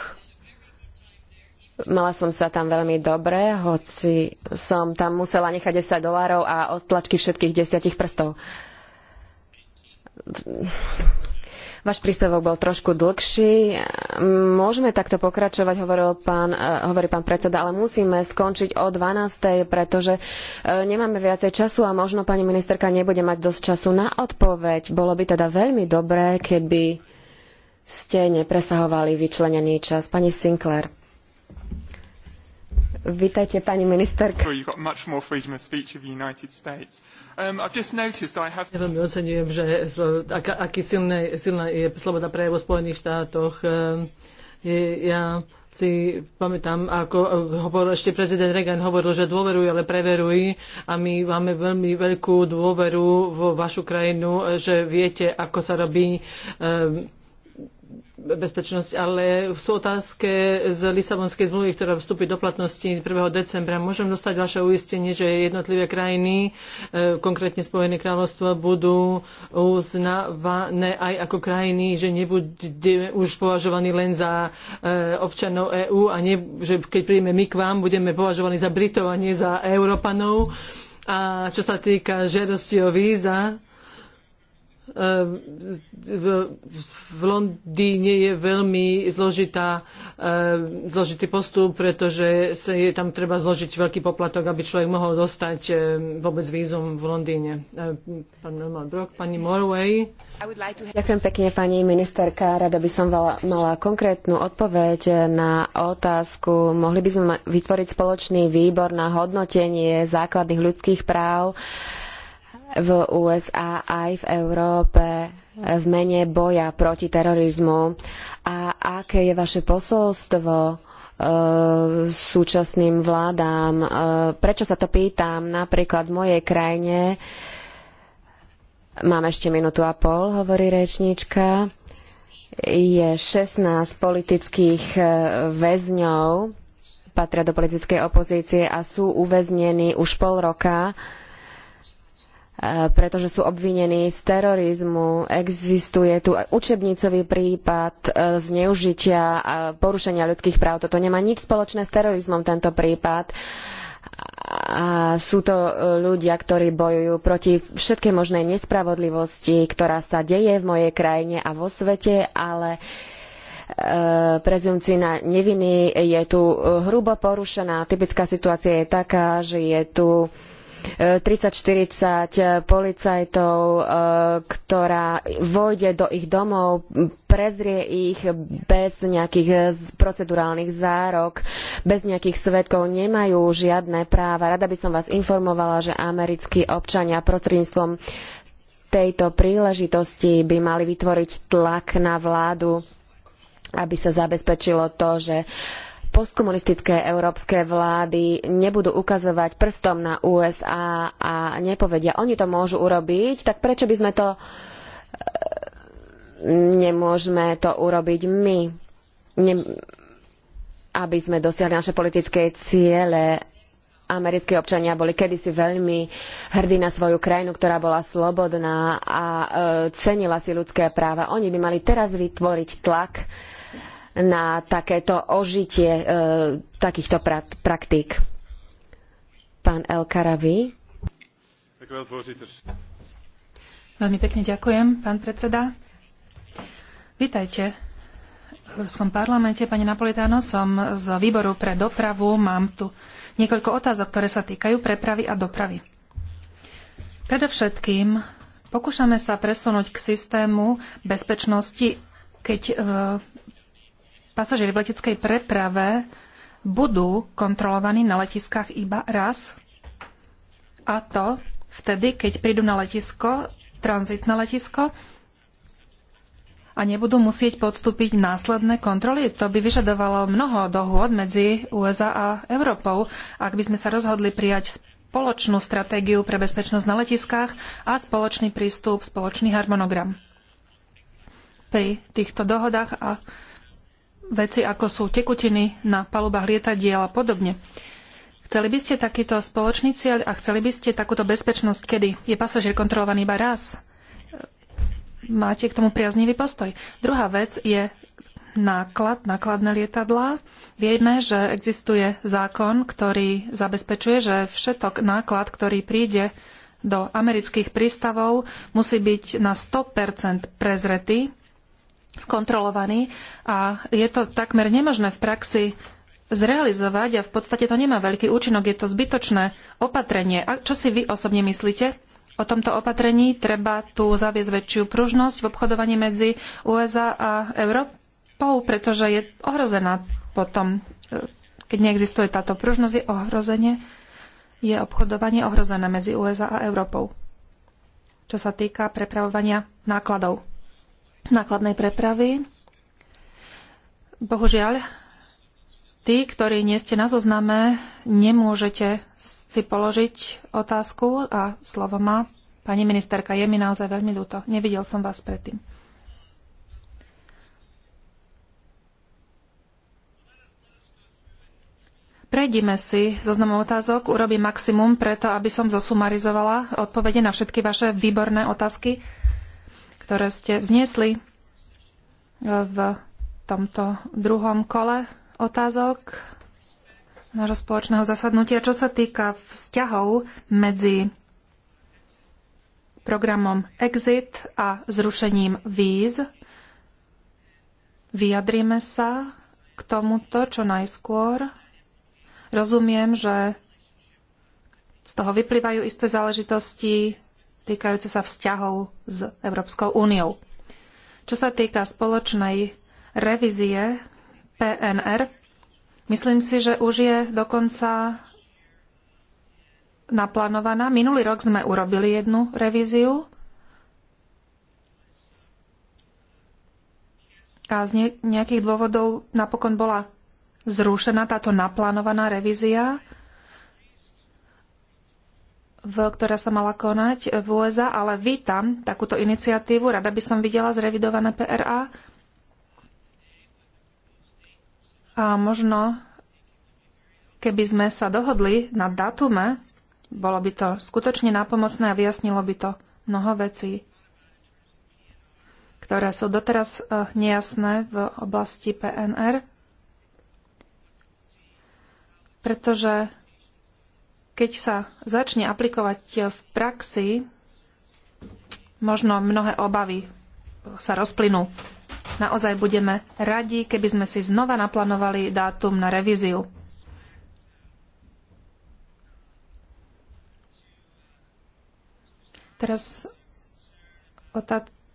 Mala som sa tam veľmi dobre, hoci som tam musela nechať 10 dolárov a odtlačky všetkých desiatich prstov. Váš príspevok bol trošku dlhší. Môžeme takto pokračovať, hovoril pán, eh, hovorí pán predseda, ale musíme skončiť o 12. pretože eh, nemáme viacej času a možno pani ministerka nebude mať dosť času na odpoveď. Bolo by teda veľmi dobré, keby ste nepresahovali vyčlenený čas. Pani Sinclair. Vítajte, pani ministerka. Um, ja veľmi ocenujem, že aký silná je sloboda prejavu v Spojených štátoch. Um, ja si pamätám, ako hovoril ešte prezident Reagan, hovoril, že dôveruj, ale preveruj. A my máme veľmi veľkú dôveru vo vašu krajinu, že viete, ako sa robí um, bezpečnosť, ale v otázke z Lisabonskej zmluvy, ktorá vstúpi do platnosti 1. decembra, môžem dostať vaše uistenie, že jednotlivé krajiny, e, konkrétne Spojené kráľovstvo, budú uznávané aj ako krajiny, že nebudeme už považovaní len za e, občanov EÚ a nie, že keď príjme my k vám, budeme považovaní za Britov a nie za Európanov. A čo sa týka žiadosti o víza, v, v Londýne je veľmi zložitá, eh, zložitý postup, pretože sa je tam treba zložiť veľký poplatok, aby človek mohol dostať eh, vôbec vízum v Londýne. Eh, pán Norman Brock, pani Morway. Ďakujem pekne, pani ministerka. Rada by som mala konkrétnu odpoveď na otázku. Mohli by sme vytvoriť spoločný výbor na hodnotenie základných ľudských práv v USA aj v Európe v mene boja proti terorizmu. A aké je vaše posolstvo e, súčasným vládám. E, prečo sa to pýtam? Napríklad v mojej krajine mám ešte minútu a pol, hovorí rečníčka. Je 16 politických e, väzňov, patria do politickej opozície a sú uväznení už pol roka pretože sú obvinení z terorizmu. Existuje tu učebnicový prípad e, zneužitia a porušenia ľudských práv. Toto nemá nič spoločné s terorizmom, tento prípad. A sú to e, ľudia, ktorí bojujú proti všetkej možnej nespravodlivosti, ktorá sa deje v mojej krajine a vo svete, ale e, na neviny je tu hrubo porušená. Typická situácia je taká, že je tu 30-40 policajtov, e, ktorá vojde do ich domov, prezrie ich bez nejakých procedurálnych zárok, bez nejakých svedkov, nemajú žiadne práva. Rada by som vás informovala, že americkí občania prostredníctvom tejto príležitosti by mali vytvoriť tlak na vládu, aby sa zabezpečilo to, že postkomunistické európske vlády nebudú ukazovať prstom na USA a nepovedia, oni to môžu urobiť, tak prečo by sme to e, nemôžeme to urobiť my, ne... aby sme dosiahli naše politické ciele. Americkí občania boli kedysi veľmi hrdí na svoju krajinu, ktorá bola slobodná a e, cenila si ľudské práva. Oni by mali teraz vytvoriť tlak na takéto ožitie e, takýchto pra- praktík. Pán El Karavi. Veľmi pekne ďakujem, pán predseda. Vítajte v Európskom parlamente. Pani Napolitáno, som z výboru pre dopravu. Mám tu niekoľko otázok, ktoré sa týkajú prepravy a dopravy. Predovšetkým pokúšame sa presunúť k systému bezpečnosti, keď e, pasažieri v leteckej preprave budú kontrolovaní na letiskách iba raz, a to vtedy, keď prídu na letisko, tranzitné letisko, a nebudú musieť podstúpiť následné kontroly? To by vyžadovalo mnoho dohôd medzi USA a Európou, ak by sme sa rozhodli prijať spoločnú stratégiu pre bezpečnosť na letiskách a spoločný prístup, spoločný harmonogram. Pri týchto dohodách a veci ako sú tekutiny na palubách lietadiel a podobne. Chceli by ste takýto spoločný cieľ a chceli by ste takúto bezpečnosť, kedy je pasažier kontrolovaný iba raz? Máte k tomu priaznivý postoj. Druhá vec je náklad, nákladné lietadlá. Vieme, že existuje zákon, ktorý zabezpečuje, že všetok náklad, ktorý príde do amerických prístavov, musí byť na 100% prezretý skontrolovaný a je to takmer nemožné v praxi zrealizovať a v podstate to nemá veľký účinok, je to zbytočné opatrenie. A čo si vy osobne myslíte o tomto opatrení? Treba tu zaviesť väčšiu pružnosť v obchodovaní medzi USA a Európou, pretože je ohrozená potom, keď neexistuje táto pružnosť, je ohrozenie, je obchodovanie ohrozené medzi USA a Európou, čo sa týka prepravovania nákladov nákladnej prepravy. Bohužiaľ, tí, ktorí nie ste na zozname, nemôžete si položiť otázku a slovo má pani ministerka. Je mi naozaj veľmi ľúto. Nevidel som vás predtým. Prejdime si zoznam otázok, urobím maximum preto, aby som zosumarizovala odpovede na všetky vaše výborné otázky ktoré ste vzniesli e, v tomto druhom kole otázok nášho spoločného zasadnutia. Čo sa týka vzťahov medzi programom Exit a zrušením víz, vyjadríme sa k tomuto čo najskôr. Rozumiem, že z toho vyplývajú isté záležitosti týkajúce sa vzťahov s Európskou úniou. Čo sa týka spoločnej revízie PNR, myslím si, že už je dokonca naplánovaná. Minulý rok sme urobili jednu revíziu a z nejakých dôvodov napokon bola zrušená táto naplánovaná revízia v, ktorá sa mala konať v USA, ale vítam takúto iniciatívu. Rada by som videla zrevidované PRA. A možno, keby sme sa dohodli na datume, bolo by to skutočne nápomocné a vyjasnilo by to mnoho vecí, ktoré sú doteraz eh, nejasné v oblasti PNR, pretože keď sa začne aplikovať e, v praxi, možno mnohé obavy sa rozplynú. Naozaj budeme radi, keby sme si znova naplánovali dátum na revíziu. Teraz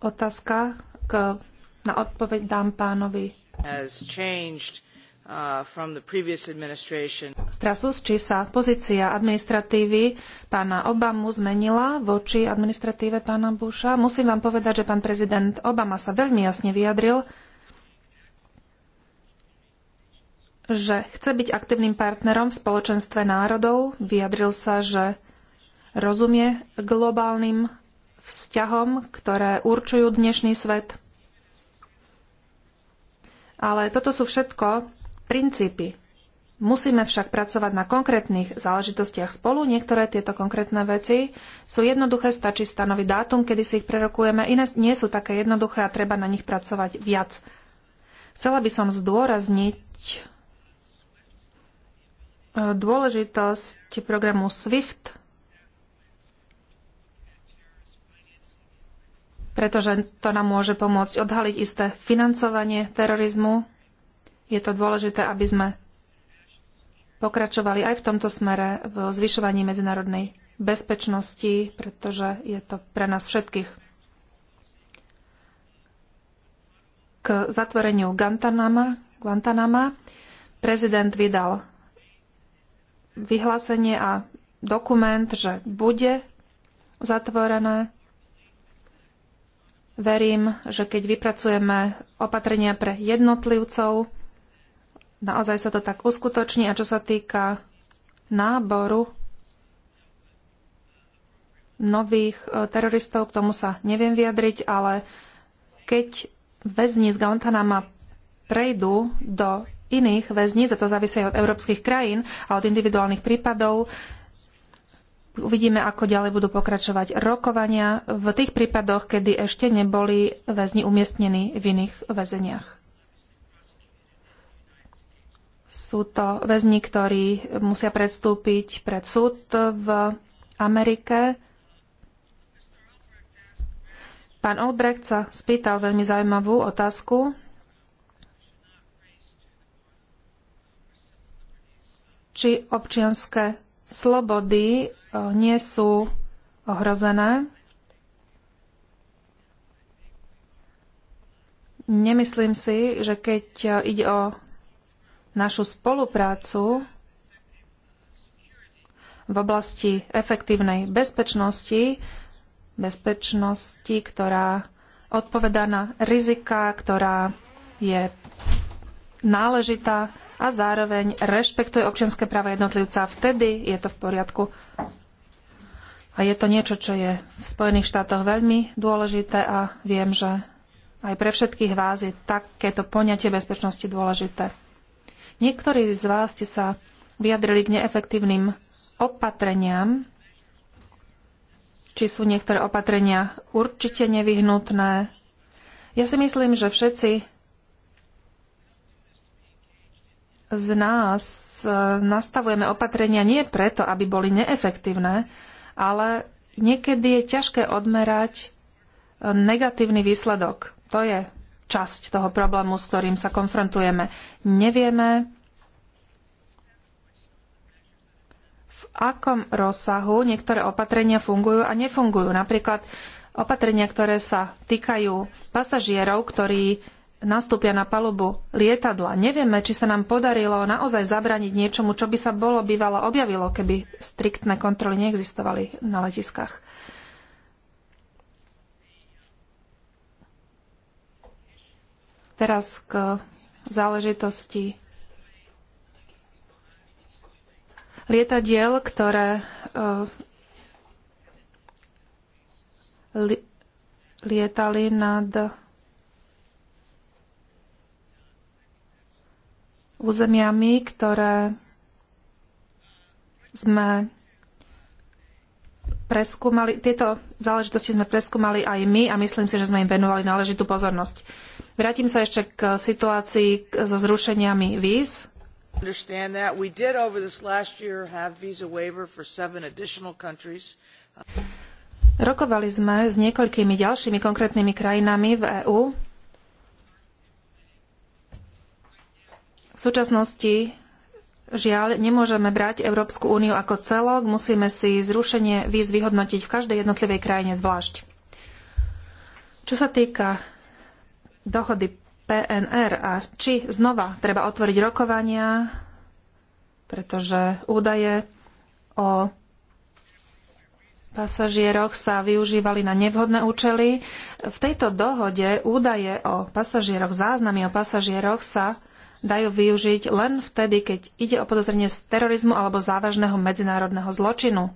otázka k, na odpoveď dám pánovi. Has changed Uh, Strasus, či sa pozícia administratívy pána Obamu zmenila voči administratíve pána Busha. Musím vám povedať, že pán prezident Obama sa veľmi jasne vyjadril, že chce byť aktívnym partnerom v spoločenstve národov. Vyjadril sa, že rozumie globálnym vzťahom, ktoré určujú dnešný svet. Ale toto sú všetko princípy. Musíme však pracovať na konkrétnych záležitostiach spolu. Niektoré tieto konkrétne veci sú jednoduché, stačí stanoviť dátum, kedy si ich prerokujeme. Iné nie sú také jednoduché a treba na nich pracovať viac. Chcela by som zdôrazniť e, dôležitosť programu SWIFT, pretože to nám môže pomôcť odhaliť isté financovanie terorizmu je to dôležité, aby sme pokračovali aj v tomto smere v zvyšovaní medzinárodnej bezpečnosti, pretože je to pre nás všetkých. K zatvoreniu Guantanama, Guantanama prezident vydal vyhlásenie a dokument, že bude zatvorené. Verím, že keď vypracujeme opatrenia pre jednotlivcov, naozaj sa to tak uskutoční. A čo sa týka náboru nových e, teroristov, k tomu sa neviem vyjadriť, ale keď väzni z Guantanama prejdú do iných väzníc, a to závisí od európskych krajín a od individuálnych prípadov, uvidíme, ako ďalej budú pokračovať rokovania v tých prípadoch, kedy ešte neboli väzni umiestnení v iných väzeniach. Sú to väzni, ktorí musia predstúpiť pred súd v Amerike. Pán Olbrecht sa spýtal veľmi zaujímavú otázku. Či občianské slobody e, nie sú ohrozené? Nemyslím si, že keď e, ide o našu spoluprácu v oblasti efektívnej bezpečnosti, bezpečnosti, ktorá odpovedá na rizika, ktorá je náležitá a zároveň rešpektuje občianské práva jednotlivca. Vtedy je to v poriadku. A je to niečo, čo je v Spojených štátoch veľmi dôležité a viem, že aj pre všetkých vás je takéto poňatie bezpečnosti dôležité. Niektorí z vás ste sa vyjadrili k neefektívnym opatreniam, či sú niektoré opatrenia určite nevyhnutné. Ja si myslím, že všetci z nás e, nastavujeme opatrenia nie preto, aby boli neefektívne, ale niekedy je ťažké odmerať e, negatívny výsledok. To je časť toho problému, s ktorým sa konfrontujeme. Nevieme, v akom rozsahu niektoré opatrenia fungujú a nefungujú. Napríklad opatrenia, ktoré sa týkajú pasažierov, ktorí nastúpia na palubu lietadla. Nevieme, či sa nám podarilo naozaj zabraniť niečomu, čo by sa bolo bývalo objavilo, keby striktné kontroly neexistovali na letiskách. Teraz k záležitosti lietadiel, ktoré e, li, lietali nad územiami, ktoré sme preskúmali, tieto záležitosti sme preskúmali aj my a myslím si, že sme im venovali náležitú pozornosť. Vrátim sa ešte k situácii so zrušeniami víz. Understand that we did over this last year have visa waiver for seven additional countries. Rokovali sme s niekoľkými ďalšími konkrétnymi krajinami v EÚ. V súčasnosti žiaľ nemôžeme brať Európsku úniu ako celok, musíme si zrušenie víz vyhodnotiť v každej jednotlivej krajine zvlášť. Čo sa týka dohody PNR a či znova treba otvoriť rokovania, pretože údaje o pasažieroch sa využívali na nevhodné účely. V tejto dohode údaje o pasažieroch, záznamy o pasažieroch sa dajú využiť len vtedy, keď ide o podozrenie z terorizmu alebo závažného medzinárodného zločinu.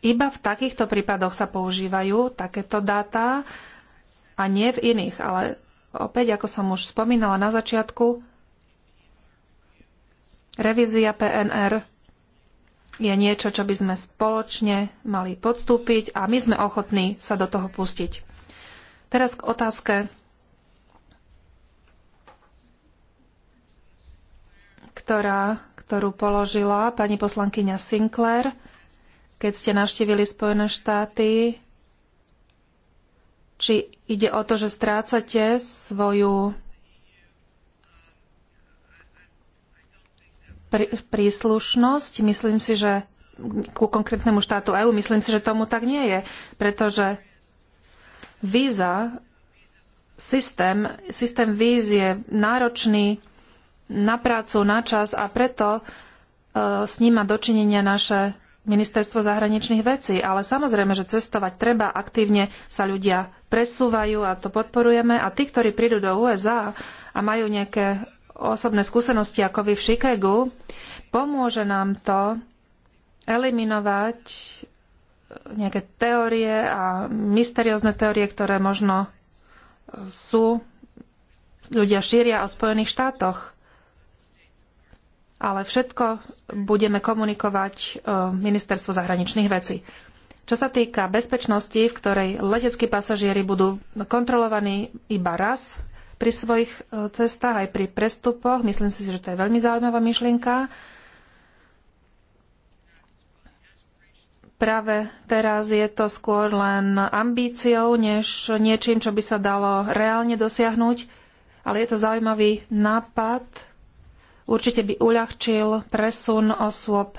Iba v takýchto prípadoch sa používajú takéto dáta a nie v iných, ale Opäť, ako som už spomínala na začiatku, revízia PNR je niečo, čo by sme spoločne mali podstúpiť a my sme ochotní sa do toho pustiť. Teraz k otázke, ktorá, ktorú položila pani poslankyňa Sinclair, keď ste navštívili Spojené štáty či ide o to, že strácate svoju príslušnosť. Myslím si, že ku konkrétnemu štátu EÚ, myslím si, že tomu tak nie je, pretože víza, systém, systém víz je náročný na prácu, na čas a preto e, s ním má dočinenia naše ministerstvo zahraničných vecí. Ale samozrejme, že cestovať treba, aktívne sa ľudia presúvajú a to podporujeme. A tí, ktorí prídu do USA a majú nejaké osobné skúsenosti ako vy v Chicagu, pomôže nám to eliminovať nejaké teórie a mysteriózne teórie, ktoré možno sú, ľudia šíria o Spojených štátoch. Ale všetko budeme komunikovať e, ministerstvu zahraničných vecí. Čo sa týka bezpečnosti, v ktorej leteckí pasažieri budú kontrolovaní iba raz pri svojich e, cestách, aj pri prestupoch, myslím si, že to je veľmi zaujímavá myšlienka. práve teraz je to skôr len ambíciou, než niečím, čo by sa dalo reálne dosiahnuť, ale je to zaujímavý nápad. Určite by uľahčil presun osôb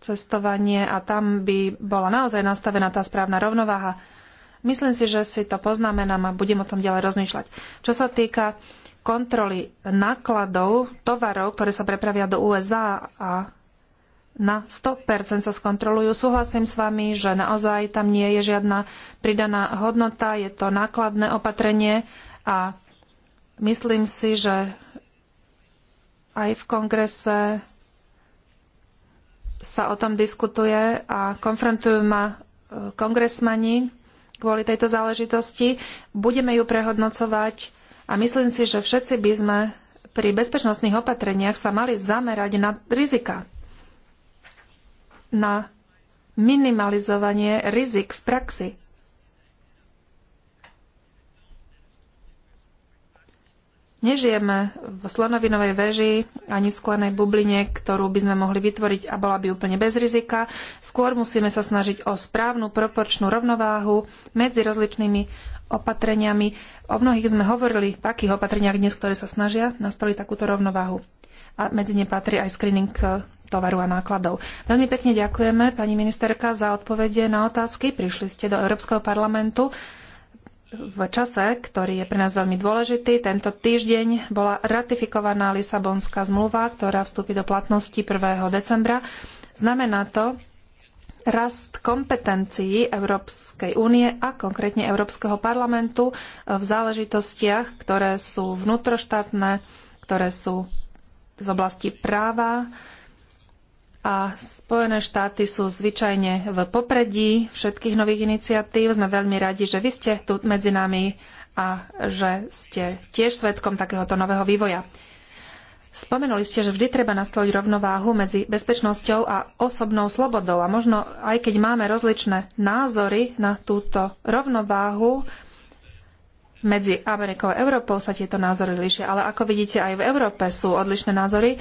cestovanie a tam by bola naozaj nastavená tá správna rovnováha. Myslím si, že si to poznamenám a budem o tom ďalej rozmýšľať. Čo sa týka kontroly nákladov, tovarov, ktoré sa prepravia do USA a na 100% sa skontrolujú. Súhlasím s vami, že naozaj tam nie je žiadna pridaná hodnota, je to nákladné opatrenie a myslím si, že aj v kongrese sa o tom diskutuje a konfrontujú ma e, kongresmani kvôli tejto záležitosti. Budeme ju prehodnocovať a myslím si, že všetci by sme pri bezpečnostných opatreniach sa mali zamerať na rizika, na minimalizovanie rizik v praxi. Nežijeme v slonovinovej veži ani v sklenej bubline, ktorú by sme mohli vytvoriť a bola by úplne bez rizika. Skôr musíme sa snažiť o správnu proporčnú rovnováhu medzi rozličnými opatreniami. O mnohých sme hovorili takých opatreniach dnes, ktoré sa snažia nastoliť takúto rovnováhu. A medzi ne patrí aj screening e, tovaru a nákladov. Veľmi pekne ďakujeme, pani ministerka, za odpovede na otázky. Prišli ste do Európskeho parlamentu v čase, ktorý je pre nás veľmi dôležitý. Tento týždeň bola ratifikovaná Lisabonská zmluva, ktorá vstúpi do platnosti 1. decembra. Znamená to rast kompetencií Európskej únie a konkrétne Európskeho parlamentu v záležitostiach, ktoré sú vnútroštátne, ktoré sú z oblasti práva, a Spojené štáty sú zvyčajne v popredí všetkých nových iniciatív. Sme veľmi radi, že vy ste tu medzi nami a že ste tiež svetkom takéhoto nového vývoja. Spomenuli ste, že vždy treba nastoliť rovnováhu medzi bezpečnosťou a osobnou slobodou. A možno aj keď máme rozličné názory na túto rovnováhu, medzi Amerikou a Európou sa tieto názory líšia, ale ako vidíte, aj v Európe sú odlišné názory.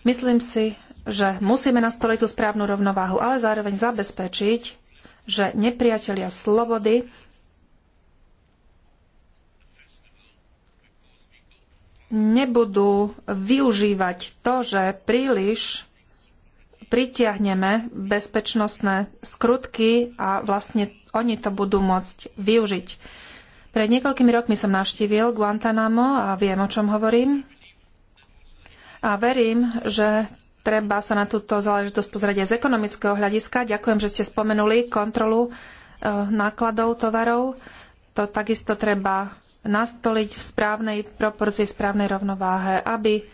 Myslím si, že musíme nastoliť tú správnu rovnováhu, ale zároveň zabezpečiť, že nepriatelia slobody nebudú využívať to, že príliš pritiahneme bezpečnostné skrutky a vlastne oni to budú môcť využiť. Pred niekoľkými rokmi som navštívil Guantanamo a viem, o čom hovorím. A verím, že treba sa na túto záležitosť pozrieť aj z ekonomického hľadiska. Ďakujem, že ste spomenuli kontrolu e, nákladov tovarov. To takisto treba nastoliť v správnej proporcii, v správnej rovnováhe, aby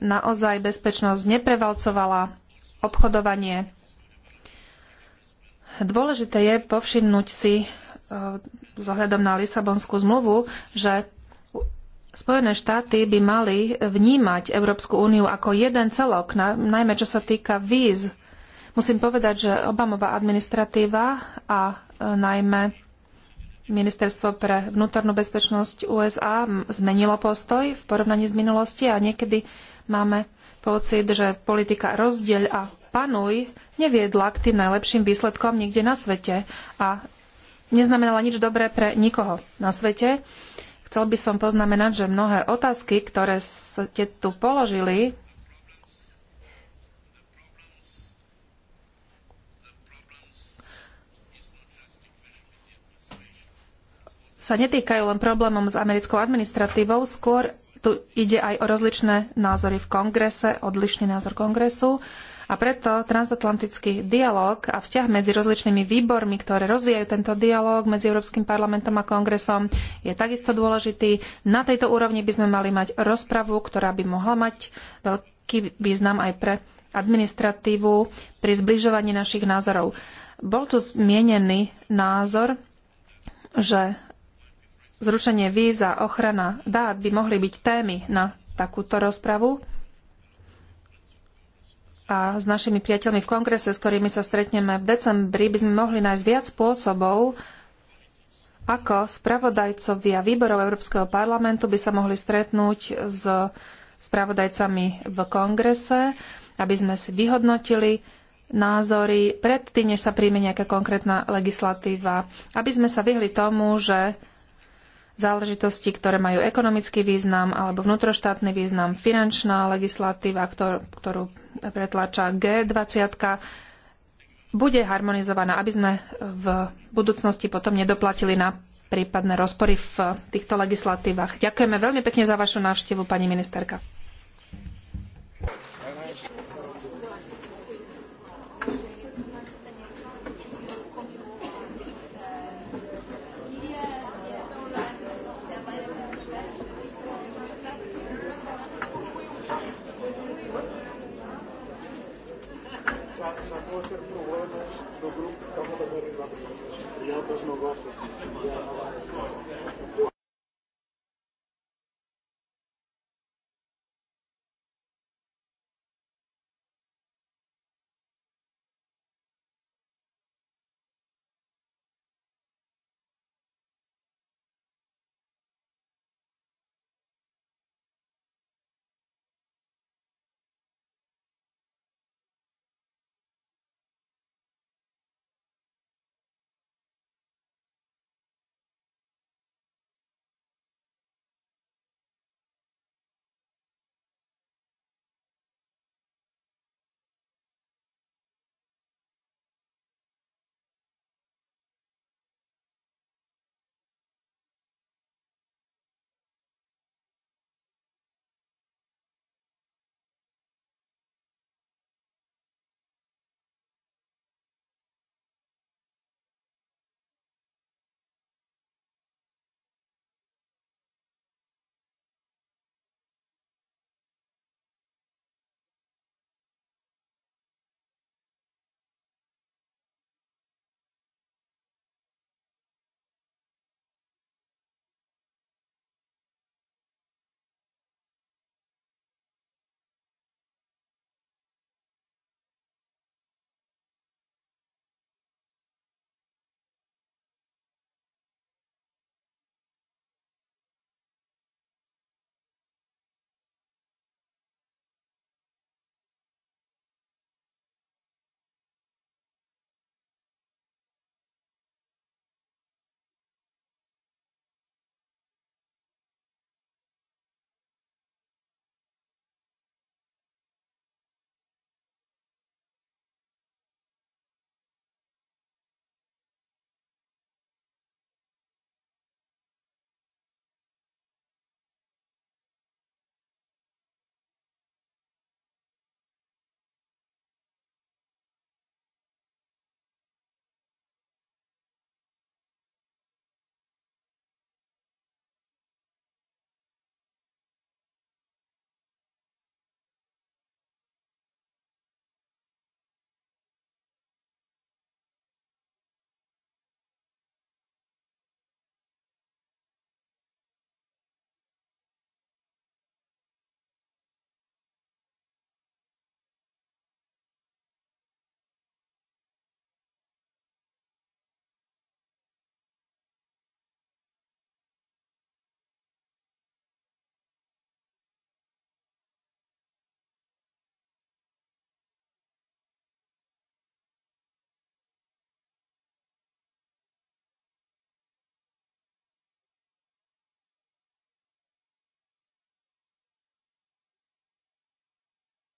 naozaj bezpečnosť neprevalcovala obchodovanie. Dôležité je povšimnúť si e, s ohľadom na Lisabonskú zmluvu, že Spojené štáty by mali vnímať Európsku úniu ako jeden celok, najmä čo sa týka víz. Musím povedať, že Obamová administratíva a e, najmä Ministerstvo pre vnútornú bezpečnosť USA zmenilo postoj v porovnaní s minulosti a niekedy máme pocit, že politika rozdeľ a panuj neviedla k tým najlepším výsledkom nikde na svete a neznamenala nič dobré pre nikoho na svete. Chcel by som poznamenať, že mnohé otázky, ktoré ste tu položili, sa netýkajú len problémom s americkou administratívou, skôr tu ide aj o rozličné názory v kongrese, odlišný názor kongresu. Uh, a preto transatlantický dialog a vzťah medzi rozličnými výbormi, ktoré rozvíjajú tento dialog medzi Európskym parlamentom a kongresom, je takisto dôležitý. Na tejto úrovni by sme mali mať rozpravu, ktorá by mohla mať veľký význam aj pre administratívu pri zbližovaní našich názorov. Bol tu zmienený názor, že zrušenie víza, ochrana dát by mohli byť témy na takúto rozpravu a s našimi priateľmi v kongrese, s ktorými sa stretneme v decembri, by sme mohli nájsť viac spôsobov, ako spravodajcovia výborov Európskeho parlamentu by sa mohli stretnúť s spravodajcami v kongrese, aby sme si vyhodnotili názory predtým, než sa príjme nejaká konkrétna legislatíva. Aby sme sa vyhli tomu, že záležitosti, ktoré majú ekonomický význam alebo vnútroštátny význam, finančná legislatíva, ktorú pretláča G20, bude harmonizovaná, aby sme v budúcnosti potom nedoplatili na prípadné rozpory v týchto legislatívach. Ďakujeme veľmi pekne za vašu návštevu, pani ministerka.